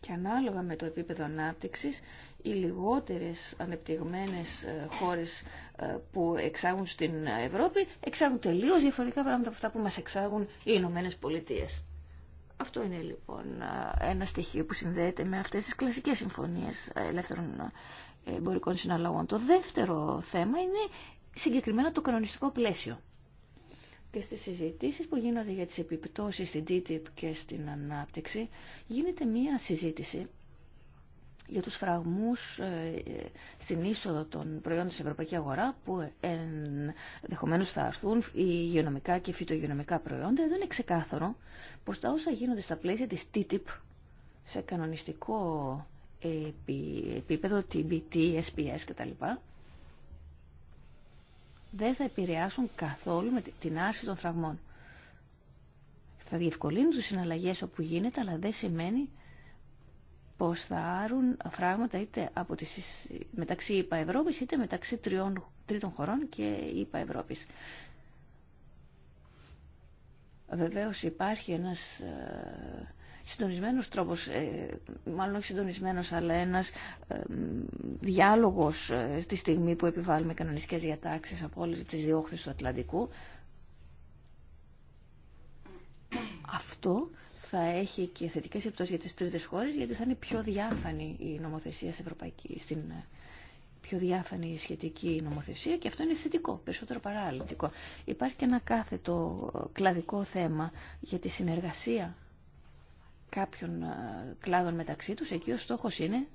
Speaker 3: Και ανάλογα με το επίπεδο ανάπτυξης, οι λιγότερες ανεπτυγμένες ε, χώρες ε, που εξάγουν στην Ευρώπη εξάγουν τελείως διαφορετικά πράγματα από αυτά που μας εξάγουν οι Ηνωμένε Πολιτείες. Αυτό είναι λοιπόν ένα στοιχείο που συνδέεται με αυτές τις κλασικές συμφωνίες ελεύθερων εμπορικών συναλλαγών. Το δεύτερο θέμα είναι συγκεκριμένα το κανονιστικό πλαίσιο. Και στις συζητήσεις που γίνονται για τις επιπτώσεις στην TTIP και στην ανάπτυξη γίνεται μία συζήτηση για τους φραγμούς ε, στην είσοδο των προϊόντων στην ευρωπαϊκή αγορά που ενδεχομένως θα έρθουν οι υγειονομικά και φυτογειονομικά προϊόντα. Δεν είναι ξεκάθαρο πως τα όσα γίνονται στα πλαίσια της TTIP σε κανονιστικό επίπεδο TBT, SPS κτλ. δεν θα επηρεάσουν καθόλου με την άρση των φραγμών. Θα διευκολύνουν τις συναλλαγές όπου γίνεται αλλά δεν σημαίνει πως θα άρουν φράγματα είτε από τις, μεταξύ ΙΠΑ Ευρώπης είτε μεταξύ τριών, τρίτων χωρών και ΙΠΑ Ευρώπης. Βεβαίως υπάρχει ένας ε, συντονισμένος τρόπος, ε, μάλλον όχι συντονισμένος, αλλά ένας ε, διάλογος στη στιγμή που επιβάλλουμε κανονιστικές διατάξεις από όλες τις διώχθες του Ατλαντικού. Αυτό θα έχει και θετικές επιπτώσεις για τι τρίτε χώρε γιατί θα είναι πιο διάφανη η νομοθεσία στην Ευρωπαϊκή, στην ε, πιο διάφανη σχετική νομοθεσία και αυτό είναι θετικό, περισσότερο παρά Υπάρχει και ένα κάθετο ε, κλαδικό θέμα για τη συνεργασία κάποιων ε, κλάδων μεταξύ τους. Εκεί ο στόχος είναι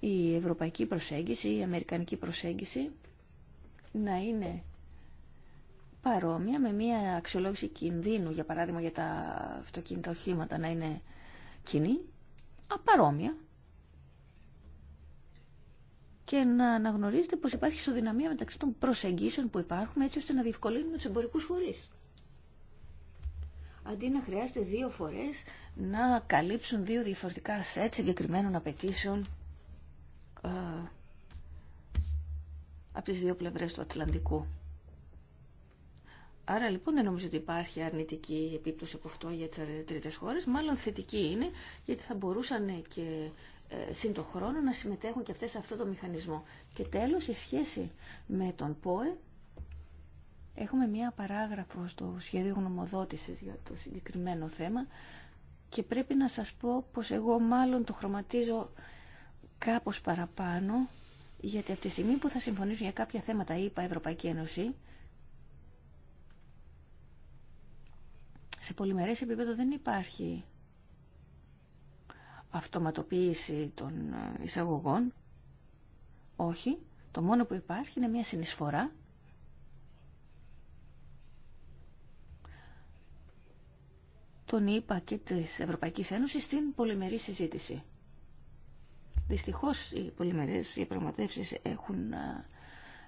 Speaker 3: η ευρωπαϊκή προσέγγιση, η αμερικανική προσέγγιση να είναι παρόμοια με μια αξιολόγηση κινδύνου, για παράδειγμα για τα αυτοκίνητα οχήματα να είναι κοινή, απαρόμοια και να αναγνωρίζετε πως υπάρχει ισοδυναμία μεταξύ των προσεγγίσεων που υπάρχουν έτσι ώστε να διευκολύνουμε τους εμπορικούς φορείς. Αντί να χρειάζεται δύο φορές να καλύψουν δύο διαφορετικά σετ συγκεκριμένων απαιτήσεων ε, από τις δύο πλευρές του Ατλαντικού. Άρα λοιπόν δεν νομίζω ότι υπάρχει αρνητική επίπτωση από αυτό για τι τρίτε χώρε, μάλλον θετική είναι γιατί θα μπορούσαν ε, και ε, σύντο χρόνο να συμμετέχουν και αυτές σε αυτό το μηχανισμό. Και τέλος, η σχέση με τον ΠΟΕ, έχουμε μία παράγραφο στο σχέδιο γνωμοδότησης για το συγκεκριμένο θέμα και πρέπει να σας πω πως εγώ μάλλον το χρωματίζω κάπως παραπάνω γιατί από τη στιγμή που θα συμφωνήσουν για κάποια θέματα είπα Ευρωπαϊκή Ένωση σε πολυμερές επίπεδο δεν υπάρχει αυτοματοποίηση των ε, εισαγωγών. Όχι. Το μόνο που υπάρχει είναι μια συνεισφορά τον ΙΠΑ και της Ευρωπαϊκής Ένωσης στην πολυμερή συζήτηση. Δυστυχώς οι πολυμερές διαπραγματεύσει έχουν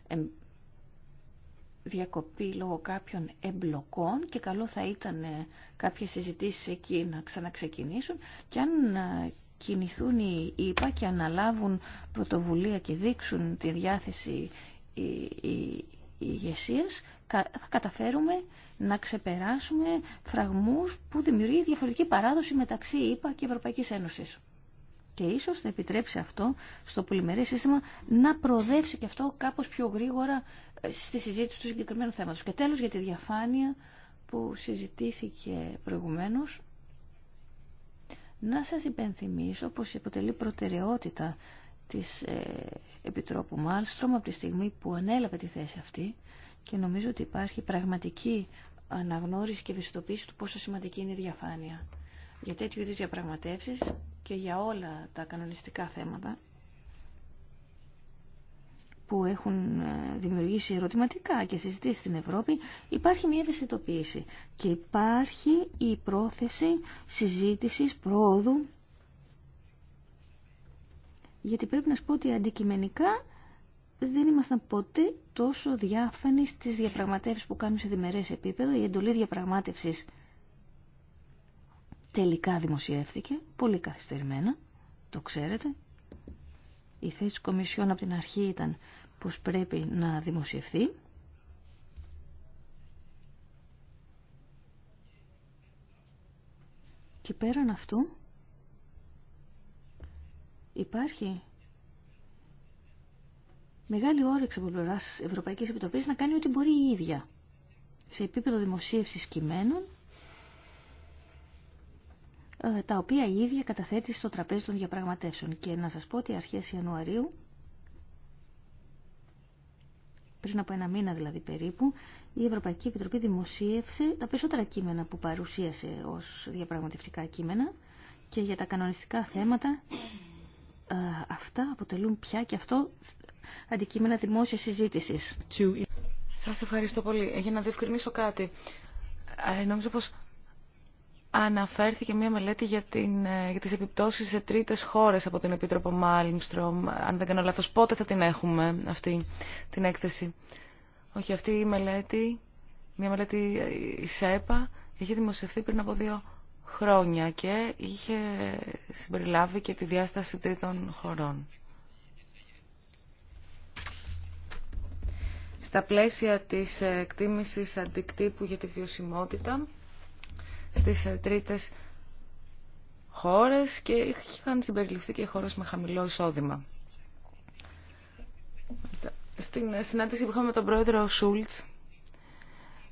Speaker 3: ε, διακοπή λόγω κάποιων εμπλοκών και καλό θα ήταν ε, κάποιες συζητήσεις εκεί να ξαναξεκινήσουν και αν ε, κινηθούν οι ΙΠΑ και αναλάβουν πρωτοβουλία και δείξουν τη διάθεση ηγεσία, θα καταφέρουμε να ξεπεράσουμε φραγμούς που δημιουργεί διαφορετική παράδοση μεταξύ ΙΠΑ και Ευρωπαϊκής Ένωσης και ίσως θα επιτρέψει αυτό στο πολυμερές σύστημα να προοδεύσει και αυτό κάπως πιο γρήγορα ε, στη συζήτηση του συγκεκριμένου θέματος. Και τέλος για τη διαφάνεια που συζητήθηκε προηγουμένως, να σας υπενθυμίσω πως αποτελεί προτεραιότητα της ε, Επιτρόπου Μάλστρομ από τη στιγμή που ανέλαβε τη θέση αυτή και νομίζω ότι υπάρχει πραγματική αναγνώριση και ευαισθητοποίηση του πόσο σημαντική είναι η διαφάνεια για τέτοιου είδους διαπραγματεύσεις και για όλα τα κανονιστικά θέματα που έχουν ε, δημιουργήσει ερωτηματικά και συζητήσει στην Ευρώπη, υπάρχει μια ευαισθητοποίηση και υπάρχει η πρόθεση συζήτησης, πρόοδου, γιατί πρέπει να σου πω ότι αντικειμενικά δεν ήμασταν ποτέ τόσο διάφανοι στις διαπραγματεύσεις που κάνουμε σε διμερές επίπεδο. Η εντολή διαπραγμάτευσης τελικά δημοσιεύθηκε, πολύ καθυστερημένα, το ξέρετε. Η θέση της Κομισιόν από την αρχή ήταν πως πρέπει να δημοσιευθεί. Και πέραν αυτού υπάρχει μεγάλη όρεξη από πλευρά Ευρωπαϊκής Επιτροπής να κάνει ό,τι μπορεί η ίδια σε επίπεδο δημοσίευσης κειμένων ε, τα οποία η ίδια καταθέτει στο τραπέζι των διαπραγματεύσεων. Και να σας πω ότι αρχές Ιανουαρίου, πριν από ένα μήνα δηλαδή περίπου, η Ευρωπαϊκή Επιτροπή δημοσίευσε τα περισσότερα κείμενα που παρουσίασε ως διαπραγματευτικά κείμενα και για τα κανονιστικά θέματα ε, αυτά αποτελούν πια και αυτό αντικείμενα δημόσια συζήτησης. Σας ευχαριστώ πολύ.
Speaker 1: Για να διευκρινίσω κάτι. Ε,
Speaker 3: αναφέρθηκε μια
Speaker 1: μελέτη για, την, ε, για τις επιπτώσεις σε τρίτες χώρες από την Επίτροπο Μάλιμστρομ. Αν δεν κάνω λάθος, πότε θα την έχουμε αυτή την έκθεση. Όχι, αυτή η μελέτη, μια μελέτη ε, η ΣΕΠΑ, είχε δημοσιευθεί πριν από δύο χρόνια και είχε συμπεριλάβει και τη διάσταση τρίτων χωρών. Στα πλαίσια της ε, εκτίμησης αντικτύπου για τη βιωσιμότητα, στις ε, τρίτες χώρες και είχαν συμπεριληφθεί και χώρες με χαμηλό εισόδημα. Στην ε, συνάντηση που είχαμε με τον πρόεδρο Σούλτς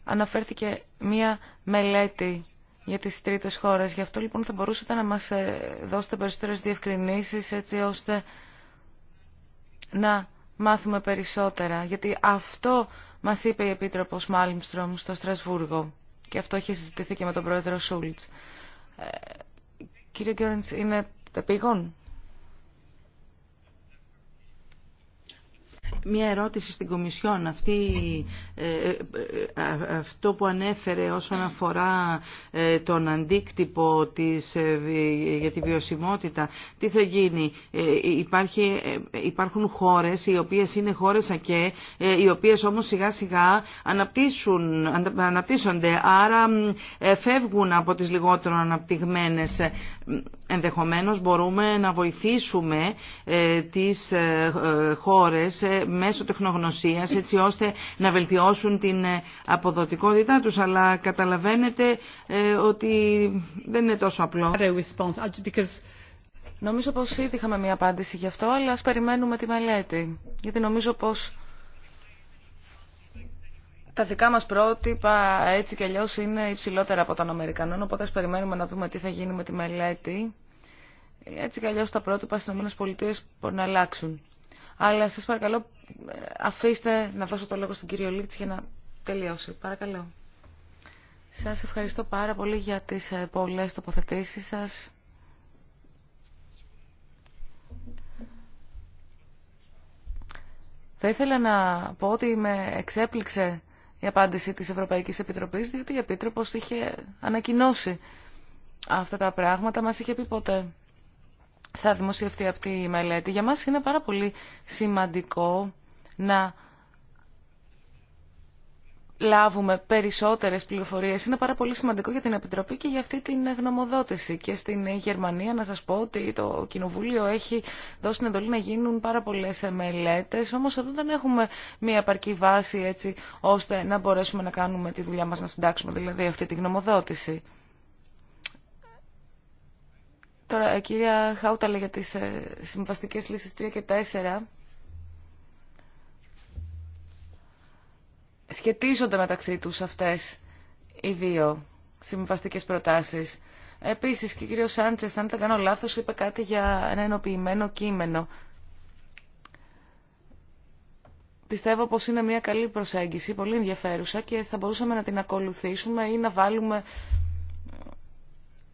Speaker 1: αναφέρθηκε μία μελέτη για τις τρίτες χώρες. Γι' αυτό λοιπόν θα μπορούσατε να μας ε, δώσετε περισσότερες διευκρινήσεις έτσι ώστε να μάθουμε περισσότερα. Γιατί αυτό μας είπε η Επίτροπος Μάλμστρομ στο Στρασβούργο. Και αυτό έχει συζητηθεί και με τον πρόεδρο Σούλτ. Ε, κύριε Γκέρντ, είναι πηγών.
Speaker 2: Μία ερώτηση στην Κομισιόν. Αυτή, ε, ε, ε, αυτό που ανέφερε όσον αφορά τον αντίκτυπο της, για τη βιωσιμότητα, τι θα γίνει. Υπάρχει, υπάρχουν χώρες οι οποίες είναι χώρες ΑΚΕ, οι οποίες όμως σιγά σιγά αναπτύσσουν, αναπτύσσονται, άρα φεύγουν από τις λιγότερο αναπτυγμένες ενδεχομένως μπορούμε να βοηθήσουμε ε, τις ε, ε, χώρες μέσω τεχνογνωσίας έτσι ώστε να βελτιώσουν την
Speaker 1: αποδοτικότητά τους. Αλλά καταλαβαίνετε ότι δεν είναι τόσο απλό. Νομίζω πως ήδη είχαμε μια απάντηση γι' αυτό, αλλά ας περιμένουμε τη μελέτη. Γιατί νομίζω πως τα δικά μας πρότυπα έτσι κι αλλιώς είναι υψηλότερα από τα Αμερικανών, οπότε ας περιμένουμε να δούμε τι θα γίνει με τη μελέτη. Έτσι κι τα πρότυπα στι ΗΠΑ μπορεί να αλλάξουν. Αλλά σας παρακαλώ ε, αφήστε να δώσω το λόγο στον κύριο Λίτς για να τελειώσει. Παρακαλώ. Σας ευχαριστώ πάρα πολύ για τις ε, πολλέ τοποθετήσει σα. Θα ήθελα να πω ότι με εξέπληξε η απάντηση της Ευρωπαϊκής Επιτροπής, διότι η Επίτροπος είχε ανακοινώσει αυτά τα πράγματα, μας είχε πει ποτέ θα δημοσιευτεί αυτή η μελέτη. Για μας είναι πάρα πολύ σημαντικό να λάβουμε περισσότερες πληροφορίες. Είναι πάρα πολύ σημαντικό για την Επιτροπή και για αυτή την γνωμοδότηση. Και στην Γερμανία να σας πω ότι το Κοινοβούλιο έχει δώσει την εντολή να γίνουν πάρα πολλές μελέτες, όμως εδώ δεν έχουμε μία επαρκή βάση έτσι ώστε να μπορέσουμε να κάνουμε τη δουλειά μας, να συντάξουμε δηλαδή αυτή τη γνωμοδότηση. Τώρα, η ε, κυρία Χάουταλε για τις ε, συμβαστικές λύσεις 3 και 4 σχετίζονται μεταξύ τους αυτές οι δύο συμβαστικές προτάσεις. Επίσης, και ο κύριος Σάντσες, αν δεν κάνω λάθος, είπε κάτι για ένα ενοποιημένο κείμενο. Πιστεύω πως είναι μια καλή προσέγγιση, πολύ ενδιαφέρουσα και θα μπορούσαμε να την ακολουθήσουμε ή να βάλουμε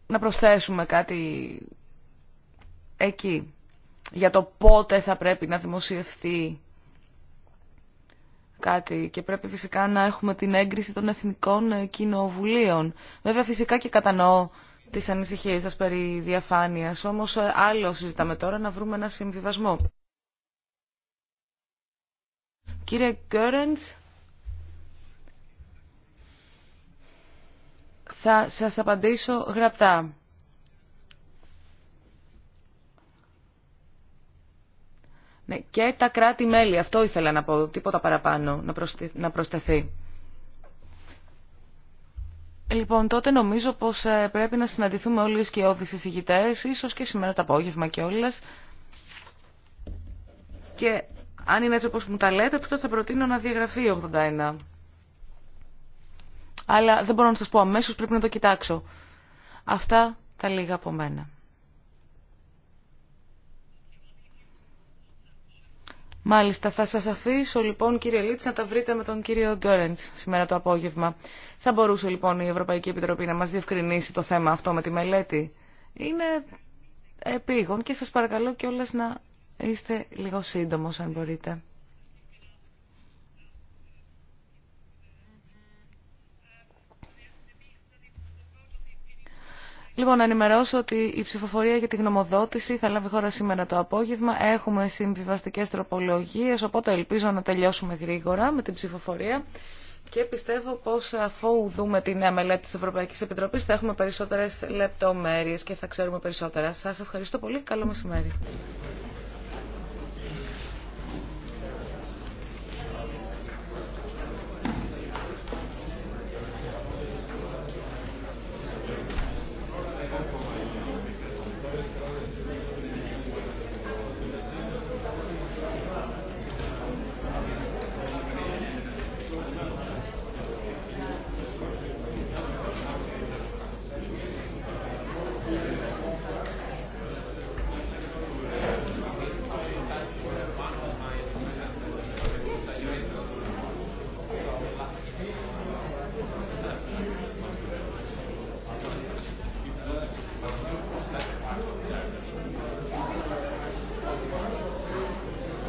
Speaker 1: να προσθέσουμε κάτι εκεί για το πότε θα πρέπει να δημοσιευθεί κάτι και πρέπει φυσικά να έχουμε την έγκριση των εθνικών κοινοβουλίων. Βέβαια φυσικά και κατανοώ τις ανησυχίες σας περί διαφάνειας, όμως ε, άλλο συζητάμε τώρα να βρούμε ένα συμβιβασμό. Κύριε Κέρεντς, Θα σας απαντήσω γραπτά. Ναι, και τα κράτη-μέλη. Αυτό ήθελα να πω, τίποτα παραπάνω, να προσθεθεί. Λοιπόν, τότε νομίζω πως ε, πρέπει να συναντηθούμε όλοι οι σκιώδεις εισηγητές, ίσως και σήμερα το απόγευμα και όλες. Και αν είναι έτσι όπως μου τα λέτε, τότε θα προτείνω να διαγραφεί 81 αλλά δεν μπορώ να σας πω αμέσως, πρέπει να το κοιτάξω. Αυτά τα λίγα από μένα. Μάλιστα, θα σας αφήσω λοιπόν κύριε Λίτς να τα βρείτε με τον κύριο Γκόρεντς σήμερα το απόγευμα. Θα μπορούσε λοιπόν η Ευρωπαϊκή Επιτροπή να μας διευκρινίσει το θέμα αυτό με τη μελέτη. Είναι επίγον και σας παρακαλώ κιόλας να είστε λίγο σύντομος αν μπορείτε. Λοιπόν, να ενημερώσω ότι η ψηφοφορία για τη γνωμοδότηση θα λάβει χώρα σήμερα το απόγευμα. Έχουμε συμβιβαστικέ τροπολογίε, οπότε ελπίζω να τελειώσουμε γρήγορα με την ψηφοφορία. Και πιστεύω πως αφού δούμε τη νέα μελέτη της Ευρωπαϊκής Επιτροπής θα έχουμε περισσότερες λεπτομέρειες και θα ξέρουμε περισσότερα. Σα ευχαριστώ πολύ. Καλό μεσημέρι.